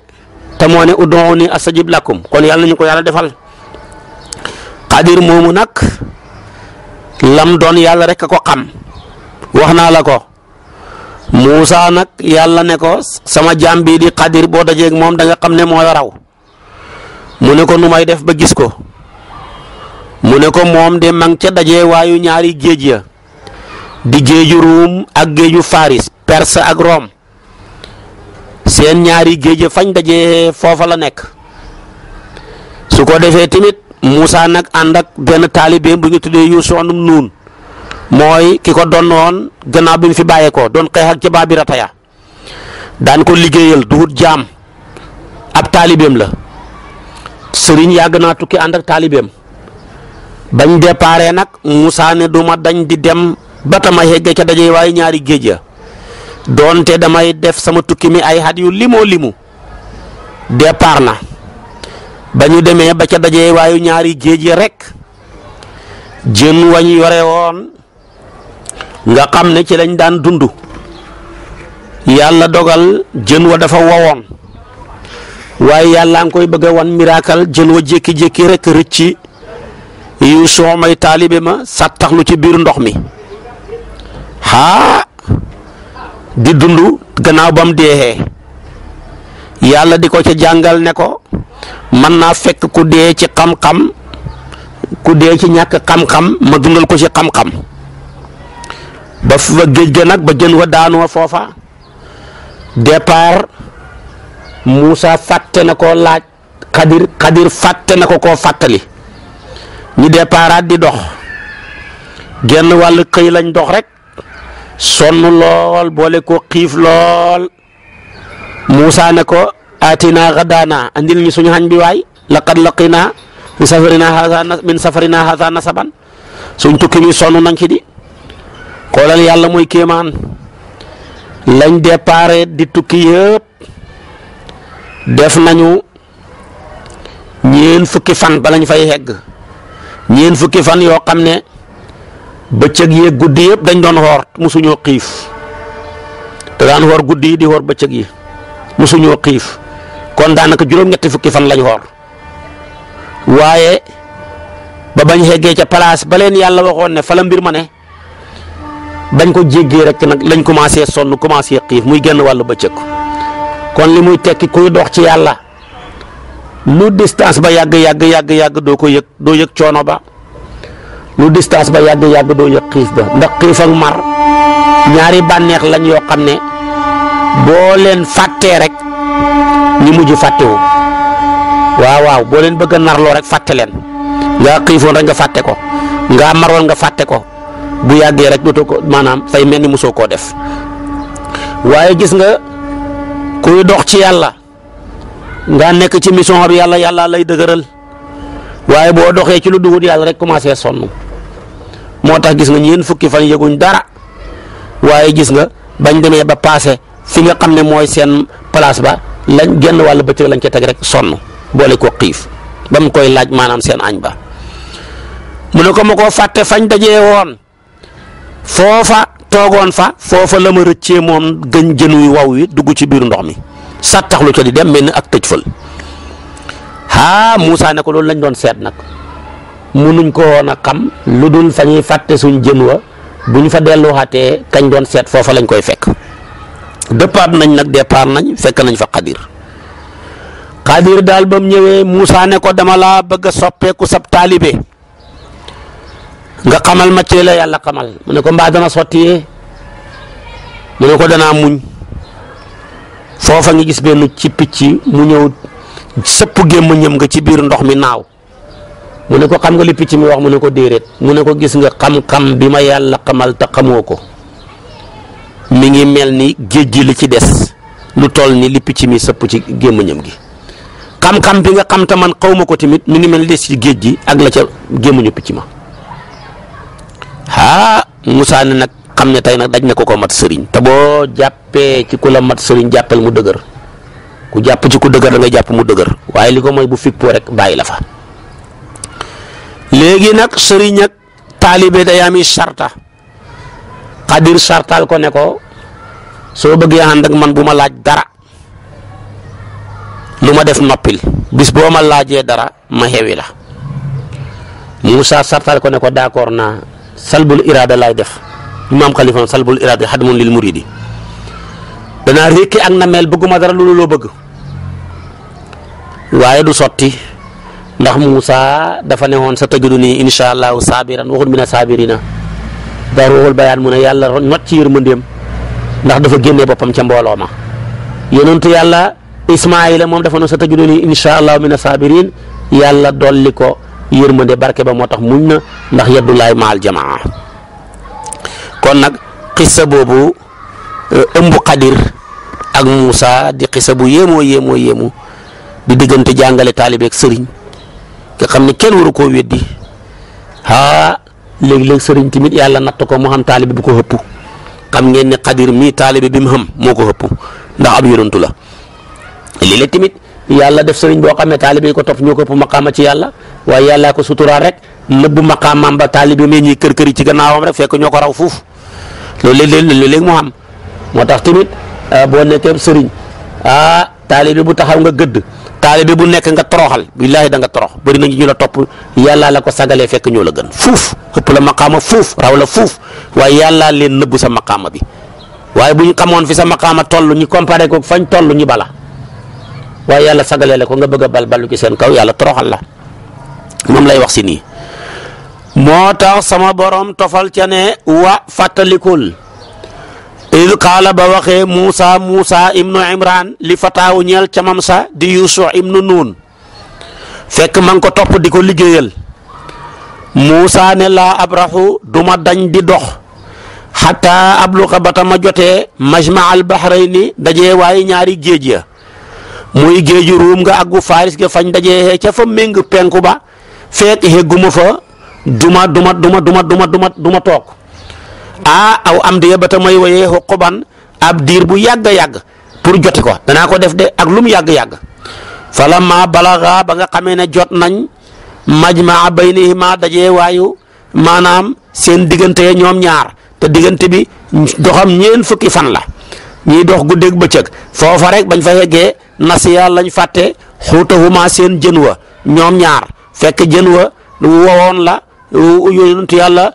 te moo ne a astajib lakum kon yàlla ñu ko yàlla defal xadir moomu nag lam doon yàlla rek a ko xam wax naa la ko Moussa nag yàlla ne ko sama jaam bii di xadir boo dajeeg moom danga nga xam ne moo raw mu ne ko nu may def ba gis ko. mu ne ko moom de mang ca daje waayu ñaari géej ya di géeju ruum ak géeju faris perse ak rome seen ñaari géej ya fañ daje foofa la nekk su ko defee tamit Moussa nag ànd ak benn taalibeem bu ñu tuddee Yuusu anum nuun mooy ki ko donnoon gannaaw bi mu fi bàyyeekoo doon xeex ak jabaa bi rataya daan ko liggéeyal duhut jaam ab taalibeem la sëriñ yàgg naa tukki ànd ak taalibeem bañ déparé nag Moussa ne du ma dañ di dem ba tama xegge ca daje waaye ñaari géej ya doonte damay def sama tukki mi ay xat yu limoo limu départ na ba ñu demee ba ca daje waayu ñaari géej ya rek jën wañ yore woon nga xam ne ci lañ daan dund yàlla dogal jën wa dafa wowoon waaye yàlla ngi koy bëgg a wan jën wa jékki-jékki rek rëcci Yuusuf may taalibe ma sàttaxlu ci biir ndox mi haa di dund gannaaw bam mu deexee yàlla di ko ca jàngal ne ko mën naa fekk ku dee ci xam-xam ku dee ci ñàkk xam-xam ma dundal ko ci xam-xam ba fa géej ga nag ba jën wa daanoo foofa départ Moussa fàtte na koo laaj Xadir Xadir fàtte na ko koo fàttali ñu depaaraat di dox genn wàll këy lañ dox rek sonn lool boole ko kiif lool Moussa ne ko atina gadaana andil ñu suñu xañ bi waay laqad laqina min safarina haza min safarina haza nasaban suñ tukki bi sonn nañ ci xoolal yàlla mooy kéemaan lañ déparé di tukki yëpp def nañu ñeen fukki fan ba lañ fay hegg ñeen fukki fan yoo xam ne bëccëg yeeg guddi yëpp dañ doon xoor musuñoo xiif te daan xoor guddi yi di xoor bëccëg yi musuñoo xiif kon daanaka juróom-ñetti fukki fan lañ xoor waaye ba bañ xeggee ca place ba leen yàlla waxoon ne fala mbir ma ne dañ ko jéggee rek nag lañ commencé sonn commencé xiif muy genn wàll bëccëg kon li muy tekki kuy dox ci yàlla. lu distance ba yàgg yàgg yàgg yàgg doo ko yëg doo yëg coono ba lu distance ba yàgg yàgg doo yëg xiif ba ndax xiif ak mar ñaari bànneex lañ yoo xam ne boo leen fàttee rek ñu mujj fàttewu waaw waaw boo leen bëgg a narloo rek fàtte leen nga xiifoon rek nga fàtte ko nga maroon nga fàtte ko bu yàggee rek dootoo ko maanaam fay mel ni mosoo koo def waaye gis nga kuy dox ci yàlla nga nekk ci mission ab yàlla yàlla lay dëgëral waaye boo doxee ci lu dugut yàlla rek commencé sonn moo tax gis nga ñeen fukki fan yëguñ dara waaye gis nga bañ demee ba passé fi nga xam ne mooy seen place ba lañ genn wàllu bëccëg lañ ca teg rek sonn boole ko xiif ba mu koy laaj maanaam seen añ ba mu ne ko ma koo fàtte fañ dajee woon foofa toogoon fa foofa la ma rëccee moom gën jën wi waw wi dugg ci biiru ndox mi lu ca di dem mel ni ak tëj fël haa Moussa ne ko loolu lañ doon seet nag munuñ ko woon a xam lu dul fa ñuy fàtte suñ jën wa bu ñu fa delluwaatee kañ doon seet foofa lañ koy fekk départ nañ nag départ nañ fekk nañ fa xadir xadir daal ba mu ñëwee Moussa ne ko dama laa bëgg a soppeeku sab taalibe nga xamal ma ci la yàlla xamal mu ne ko mbaa dana sottiyee mu ne ko danaa muñ foofa nga gis benn ci picc mu ñëw sëpp gémmiñam nga ci biir ndox mi naaw mu ne ko xam nga li picc mi wax mu ne ko déedéet mu ne ko gis nga xam-xam bi ma yàlla xamal te xamoo ko mu ngi mel ni géej gi li ci des lu toll ni li picc mi sëpp ci gémmiñam gi xam-xam bi nga xam te man xawma ko tamit mu ngi mel ni des ci géej gi ak la ca gémmiñu picc ma ah Moussa nag xam ne tey nag daj ne ko ko mat sëriñ te boo jàppee ci ku la mat sëriñ jàppal mu dëgër ku jàpp ci ku dëgër da nga jàpp mu dëgër waaye li ko mooy bu fippoo rekk bàyyi la fa léegi nag sëriñ ak taalibe day ami sarta xadir sartaal ko ne ko soo bëggee ànd ak man bu ma laaj dara lu ma def noppil bis boo ma laajee dara ma xewi la Moussa sartaal ko ne ko d'accord naa salbul iraada laay def maam xalifa salbul iraadi xadmun lil muridi danaa rékki ak nameel bëgguma dara loolu loo bëgg waaye du sotti ndax Moussa dafa ne woon sa tajudu nii incha allahu saabiran waxut mina saabirina daa ruuxul bayaan mu ne yàlla not ci yërmandeem ndax dafa génnee boppam ca mbooloo ma yonentu yàlla Ismaayila moom dafa ne sa tajudu nii incha allahu mina saabirin yàlla dolli ko yërmande barke ba moo tax muñ na ndax yaddu laay maal kon nag xissa boobu eh, ëmb xadir ak Moussa di xissa bu yéemoo yéemoo yéemu di diggante jàngale taalibeek sëriñ nga xam ne kenn waru koo weddi haa léeg-léeg sëriñ tamit yàlla natt ko mu xam taalibe bu ko xëpp xam ngeen ne xadir mii taalibe bi mu xam moo ko xëpp ndax ab yonantu la léeg-léeg tamit yàlla def sëriñ boo xam ne taalibe yi ko topp ñoo ko ëpp maqaama ci yàlla waaye yàllaa ko suturaal rek nëbb maqaamaam ba taalibe mee ñuy kër kër yi ci gannaawam rek fekk ñoo ko raw fuuf loolu léeg-léeg loolu léeg moo am moo tax tamit ah, boo nekkee sëriñ a ah, taalibe bu taxaw nga gëdd taalibe bu nekk nga toroxal billaahi da nga torox bëri na ñu la topp yàllaa la ko sagalee fekk ñoo la gën fuuf ëpp la maqaama fuuf raw la fuuf waaye yàllaa leen nëbbu sa maqaama bi waaye bu ñu xamoon fi sa maqaama toll ñu comparé ko fañ toll ñu bala waaye yàlla sagalee la ko nga bëgg a balbalu ci seen kaw yàlla toroxal la moom lay wax si nii moo tax sama borom tofal ca ne wa fàttalikul id qaala ba waxee Muusa Muusa ibnu Imran li fataawu ñeel ca mam sa di Yuusuf ibnu Nuun fekk ma ngi ko topp di ko liggéeyal Muusa ne laa abraxu duma dañ di dox xataa abluqa ba tama jotee majma al bahrayni dajee waaye ñaari géej ya muy géej ruum nga aggu faris ga fañ dajee ca fa méng penku ba fekk hegguma fa duma duma duma duma duma duma duma toog ah aw am di ba ta may woyee xuquban ab diir bu yàgg a yàgg pour jote ko danaa ko def de ak lum yàgg-yàgg falamma balaga ba nga xamee ne jot nañ ma majmaa ma daje waayu maanaam seen diggante ñoom ñaar te diggante bi doxam ñeen fukki fan la ñiy dox guddeeg bëccëg foofa rek bañ fa yeggee nasiya lañ fàtte xuutahuma seen jën wa ñoom ñaar fekk jën wa wowoon la yonentu yàlla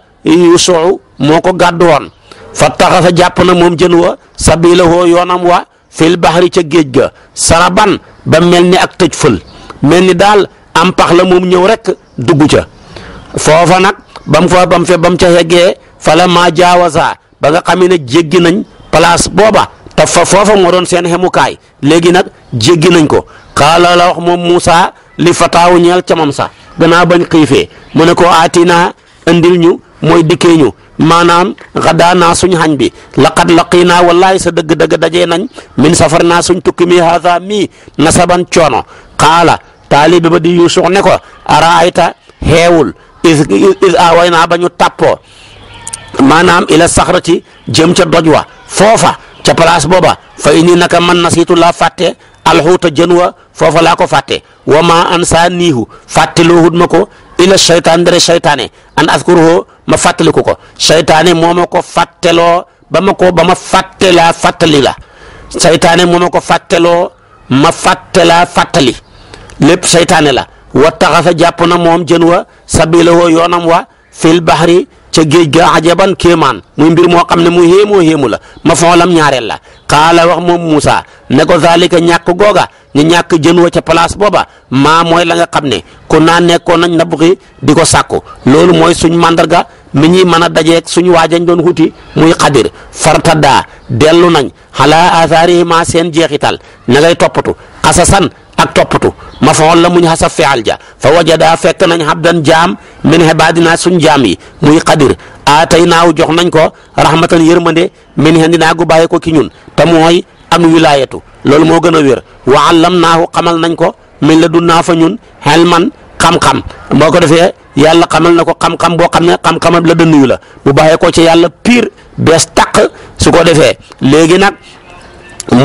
soow moo ko gàddu woon fa taxa sa jàpp na moom jën wa sabilahu yoonam wa fil baxri ca géej ga saraban ba mel ni ak tëj fël mel ni daal am pax la moom ñëw rek dugg ca foofa nag bam fa bam fe bam ca yeggee fala maa jaawasa ba nga xam ne jéggi nañ place booba te fa foofa moo doon seen xemukaay léegi nag jéggi nañ ko xaala la wax moom Moussa li fataawu ca moom sax gannaaw bañ xiifee mu ne ko aatinaa andil ñu mooy dikkee ñu maanaam xadaanaa suñ xañ bi laqad laqiinaa wallahi sa dëgg-dëgg dajee nañ min safar naa suñ tukki mi haada nasaban coono qaala taalibi ba di yuusux ne ko araayta xeewul is is away naa ba ñu maanaam ila saxrati jëm ca doj wa foofa ca place booba fa inni naka man nasiitu laa alxuuta jën wa foofa laa ko fàtte wa ma an saa niihu fàtte loohut ma ko ila seytaan dara seytaane an askuruhu ma fàttaliku ko seytaane moo ma ko fàtteloo ba ma ko ba ma fàtte laa fàttali la seytaane moo ma ko fàtteloo ma fàtte laa fàttali lépp seytaane la wa taxasa jàpp na moom jën wa sabilahu yoonam wa fil bahri ca géej ga ajaban kéemaan mu mbir moo xam ne mu héemoo héemu la ma foolam ñaareel la xaala wax moom Moussa ne ko zalika ñàkk googa ñu ñàkk jën wa ca place booba maa mooy la nga xam ne ku naa nekkoon nañ nabxi di ko sàkku loolu mooy suñ màndarga mi ñuy mën a dajeeg suñu waajañ doon xuti muy xadir fartaddaa dellu nañ xalaa athaarihima seen jeexital na ngay toppatu san ak toppatu ma fa la muñ xasa feal ja fa wajada fekk nañ habdan jaam min xebaadinaa suñ jaam yi muy xadir aataynaaw jox nañ ko rahmatan yërmande min xendinaa gu bàyyi ko ki ñun te mooy al wilaayatu loolu moo gën a wér wa allamnaahu xamal nañ ko min la dunnaa fa ñun xelman xam-xam boo ko defee yàlla xamal na ko xam-xam boo xam ne xam la dënnu yu la bu bàyyee ko ci yàlla pire bees tàq su ko defee léegi nag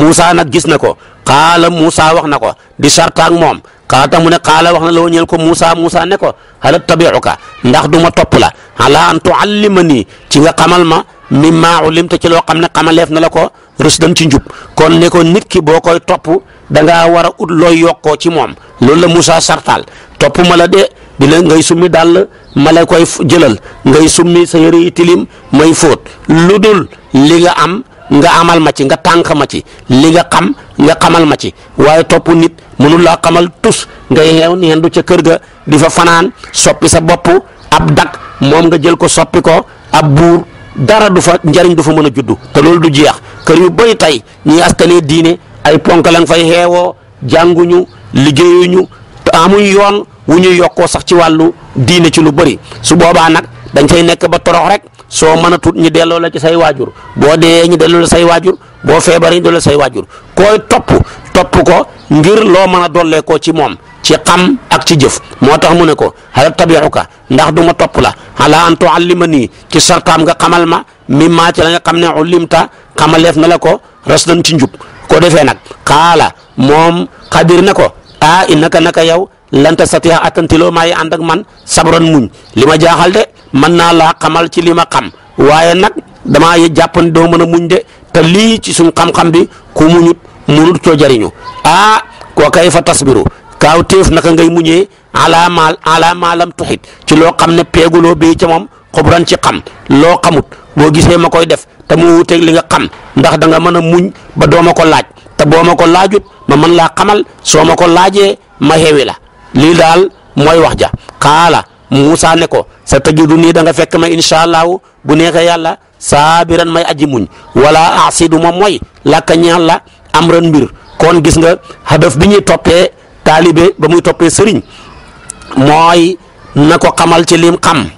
Moussa nag gis na ko xaala Moussa wax na ko di sartaak moom xaa tax mu ne xaala wax na la ñeel ko Moussa Moussa ne ko xala tabiuka ndax du ma topp la ala an tuallima nii ci nga xamal ma mimmaa ulimta ci loo xam ne xamaleef na la ko rusdan ci njub kon ne ko nit ki boo koy topp da ngaa war a ut looy yokkoo ci moom loolu la Moussa sartaal topp ma la de di la ngay summi dàll ma la koy jëlal ngay summi sa yëre yi tilim may fóot lu dul li nga am nga amal ma ci nga tànk ma ci li nga xam nga xamal ma ci waaye topp nit mënul laa xamal tus nga xew neen du ca kër ga di fa fanaan soppi sa bopp ab dak moom nga jël ko soppi ko ab buur dara du fa njariñ du fa mën a juddu te loolu du jeex kër yu bëri tey ñuy askanee diine ay ponk lañ fay xeewoo jànguñu liggéeyuñu te amuñ yoon wu ñu yokkoo sax ci wàllu diine ci lu bëri su boobaa nag dañ say nekk ba torox rek soo mën a ñu delloo la ci say waajur boo dee ñu delloo la say waajur boo feebaree doole say waajur koy topp topp ko ngir loo mën a dollee ko ci moom ci xam ak ci jëf moo tax mu ne ko hal ka ndax du ma topp la ala an nii ci sartaam nga xamal ma mimmaa ci la nga xam ne ullimta xamaleef na la ko rasdan ci njub ko defee nag xaala moom xadir ne ko a ah, innaka naka yow lanta satiha attantiloo maay ànd ak man sabran muñ li ma jaaxal de mën naa laa xamal ci li ma xam waaye nag damaa jàpp ne doo mën te lii ci suñ xam-xam bi ku muñut munut coo jariñu ah koo kay fa tasbiru kaaw téef naka ngay muñee ala maal ala maalam tuxit ci loo xam ne peeguloo bee ca moom xubran ci xam loo xamut boo gisee ma koy def te mu wuuteeg li nga xam ndax da nga mën a muñ ba dooma ko laaj te boo ma ko laajut ma mën laa xamal soo ma ko laajee ma xewi la lii daal mooy wax ja xaala Moussa ne ko sa tajidu nii da nga fekk ma incha allahu bu neexee yàlla saabiran may aji muñ wala asidu ma mooy lakka ñaan la am ran mbir kon gis nga hadaf bi ñuy toppee taalibe ba muy toppee sëriñ mooy na ko xamal ci lim xam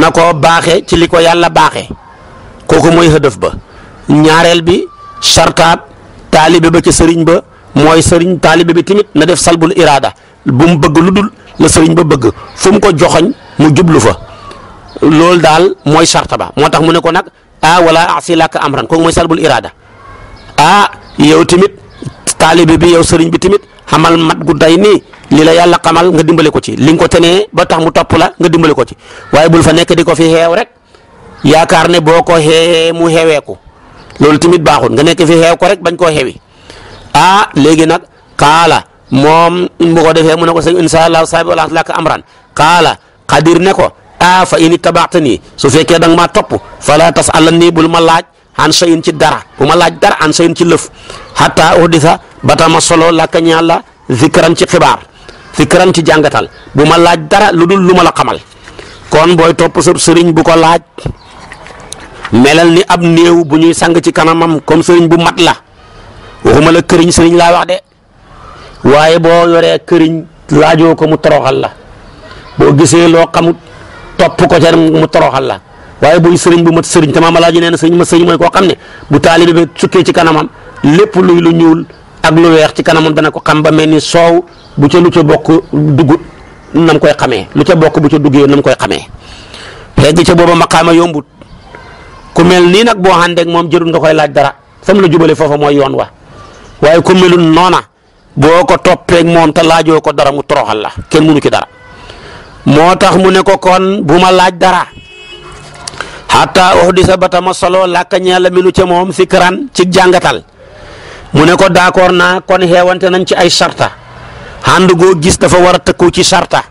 na ko baaxe ci li ko yàlla baaxe kooku mooy hadaf ba ñaareel bi sartaab taalibe ba ci sëriñ ba mooy sëriñ taalibe bi tamit na def salbul iraada bu mu bëgg lu dul la sëriñ ba bëgg fu ko joxoñ mu jublu fa loolu daal mooy sarta ba moo tax mu ne ko nag ah wala asi làkk amran kooku mooy salbul iraada ah yow tamit taalibe bi yow sëriñ bi tamit xamal mat gu day nii li la yàlla xamal nga dimbale ko ci li nga ko tenee ba tax mu topp la nga dimbale ko ci waaye bul fa nekk di ko fi xeew rek yaakaar ne boo ko xeexee mu xewee ko loolu tamit baaxul nga nekk fi xeew ko rek bañ koo xewi ah léegi nag kaala moom bu ko defee mu ne ko se incha allah saabi wala làkk amran xaala xadir ne ko. ah fa ini tabaxta su fekkee da nga maa topp fala tas àlan nii lu ma laaj an in ci dara bu ma laaj dara an sayin ci lëf xatta uhdisa ba tama solo lakka ñaan la zikran ci xibaar zikran ci jàngatal bu ma laaj dara lu dul lu ma la xamal kon booy topp sab sëriñ bu ko laaj melal ni ab néew bu ñuy sang ci kanamam comme sëriñ bu mat la waxuma la këriñ sëriñ laa wax de waaye boo yoree këriñ laajoo ko mu toroxal la boo gisee loo xamut topp ko ca mu toroxal la waaye buy sëriñ bu mat sëriñ te maam alaaji nee na sëriñ ma sëriñ mooy koo xam ne bu taalibe bi sukkee ci kanamam lépp luy lu ñuul ak lu weex ci kanamam dana ko xam ba mel ni soow bu ca lu ca bokk dugg nam koy xamee lu ca bokk bu ca duggee nam koy xamee léegi ca booba maqaama yombut ku mel nii nag boo àndeek moom jërul nga koy laaj dara fam la jubalee foofa mooy yoon wa waaye ku melul noona boo ko toppeek moom te laajoo ko dara mu toroxal la kenn mënu ci dara moo tax mu ne ko kon bu ma laaj dara xataa wax di sa solo làkk ñeela minu ca moom fikran ci jàngatal mu ne ko d'accord naa kon xeewante nañ ci ay sarta ànd goo gis dafa war a tëkku ci sarta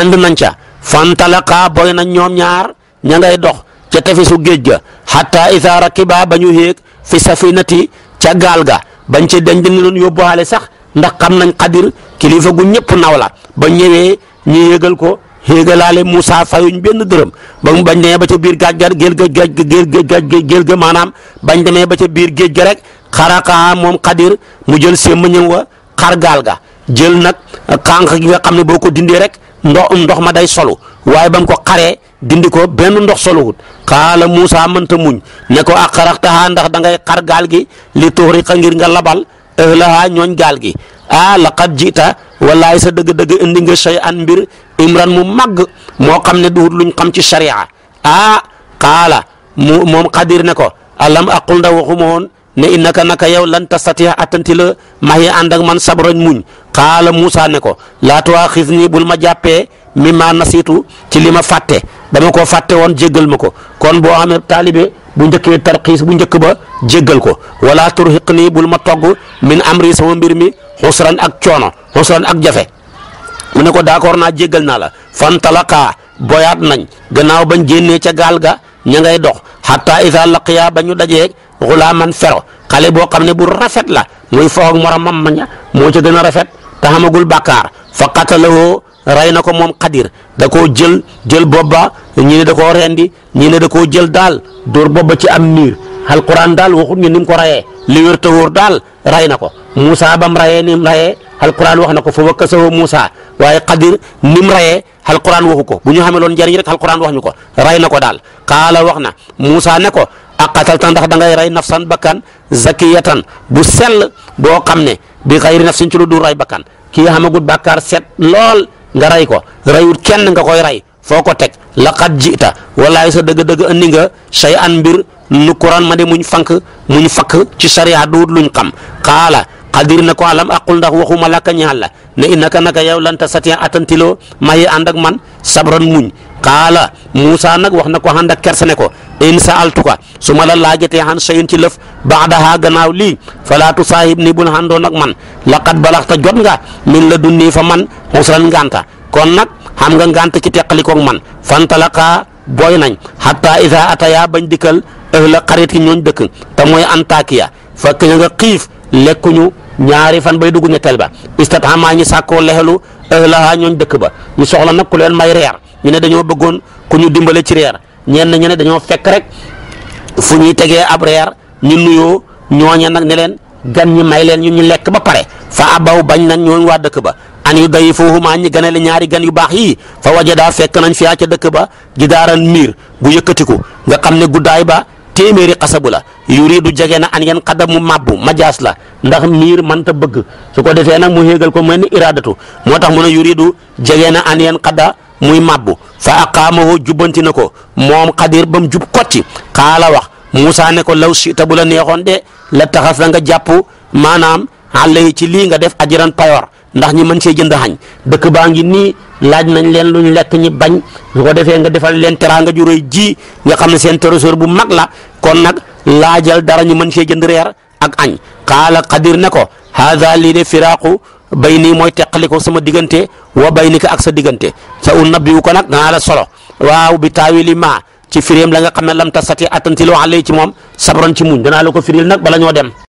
ànd nañ ca fantalaqaa boy nañ ñoom ñaar ña ngay dox ca tefesu géej ga xataa isaa kibaa ba ñu yéeg fi safinati ca gaal ga bañ ca dañ dañ doon yóbbuwaale sax ndax xam nañ xadir kilifa gu ñëpp naw ba ñëwee ñu yéegal ko yéegalaale Moussa fayuñ benn dërëm ba mu bañ demee ba ca biir gaaj ga géej ga géej géej ga maanaam bañ demee ba ca biir géej ga rek xaraqa moom xadir mu jël sémmiñam wa xar gaal ga jël nag xànq gi nga xam ne boo ko dindee rek ndox ndox ma day solu waaye ba mu ko xaree dindi ko benn ndox soluwut xaala Moussa mënta muñ ne ko ak xaraxtahaa ndax da ngay xar gaal gi li tuxriqa ngir nga labal ëhlahaa ñooñ gaal gi ah laqad jita wallaay sa dëgg-dëgg indi nga shay an mbir imran mu màgg moo xam ne duhut luñ xam ci sharia ah kaala mu moom xadir ne ko alam aqul nda waxuma woon ne innaka naka yow lan tastatiya attanti la mahi ànd ak man sabran muñ qaala Moussa ne ko laa tuwaaxis nii bul ma jàppee mi ma nasiitu ci li ma fàtte dama ko fàtte woon jéggal ma ko kon boo amee taalibe bu njëkkee tarxiis bu njëkk ba jéggal ko wala turxiq nii bul ma togg min amri sama mbir mi xusran ak coono xusran ak jafe mu ne ko d'accord na jéggal na la fantalaqaa boyaat nañ gannaaw bañ génnee ca gaal ga ña ngay dox xatta ida laqiya ba ñu dajee xulaaman fero xale boo xam ne bu rafet la muy foo ak moromam maña moo ca gën a rafet te xamagul bàkkaar fa qatalahoo rey na ko moom xadir da koo jël jël booba ñii ne da koo rendi ñii ne da ko jël daal dóor booba ci am niir alquran daal waxut ñu ni mu ko rayee li wér te daal ray na ko Moussa ba mu rayee ni mu rayee alquran wax na ko fa wakkasahu Moussa waaye Qadir ni mu rayee alquran waxu ko bu ñu xamee loon njëriñ rek alquran wax ñu ko ray na ko daal qaala wax na Moussa ne ko aqatalta ndax da ngay rey nafsan bakkan zakiyatan bu sell boo xam ne bi xayri nafsin ci lu dul ray bakkan kii xamagut bàkkaar set lool nga ray ko rayut kenn nga koy ray foo ko teg laqad jita walaay sa dëgg-dëgg andi nga say an mbir nu kuran ma de muñ fank muñ fakk ci sariya duut luñ xam xaala xadir ne ko alam aqul ndax waxuma làkka ñaal la ne innaka naka yow lanta satiya atantiloo maye ànd ak man sabran muñ xaala Moussa nag wax na ko ànd ak kersa ne ko in saaltuka su ma la laajatee xan sayin ci lëf baadaha gannaaw lii falaa tu saahib ni bul xandoon ak man laqad balaxta jot nga min la dunni fa man xusran nganta kon xam nga ngànt ci teqalikoog man fantalaqaa booy nañ xatta isa ataya bañ dikkal ëhla xarit yi ñooñ dëkk te mooy antakiya fakk ña nga xiif lekkuñu ñaari fan bay dugg ñetteel ba istatama ñi sàkkoo lexelu ëhlaha ñooñ dëkk ba ñu soxla nag ku leen may reer ñu ne dañoo bëggoon ku ñu dimbale ci reer ñenn ñe ne dañoo fekk rek fu ñuy tegee ab reer ñu nuyoo ñooñe nag ne leen gan ñi may leen ñu ñu lekk ba pare fa abaw bañ nañ ñooñ waa dëkk ba an yu dayi foohumaa ñi le ñaari gan yu baax yii fa wajadaa fekk nañ fiyaa ca dëkk ba jidaaran miir bu ku nga xam ne guddaay ba téeméeri xasabu la yuridu jege na an yan xadam mu màbbu majaas la ndax miir mënta bëgg su ko defee nag mu héegal ko mel ni iradatu moo tax mu ne yuridu jege na an yan muy màbbu fa aqaamahu jubbanti na ko moom xadir ba mu jub kotti xaala wax Moussa ne ko law sita bu la neexoon de la taxas la nga jàpp maanaam àlla yi ci lii nga def ajiran payor ndax ñi mën see jënd xañ dëkk baa ngi nii laaj nañ leen luñ lekk ñi bañ su ko defee nga defal leen teraanga ju rëy ji nga xam ne seen trésor bu mag la kon nag laajal dara ñu mën see jënd reer ak añ kaala qadir ne ko haada lii de firaaqu bay nii mooy teqali ko sama diggante wa bay ko ak sa diggante sa un nabiyu ko nag danaa la solo waaw bi taawili ma ci firéem la nga xam ne lam tasati attantiloo alay ci moom sabran ci muñ danaa la ko firil nag bala ñoo dem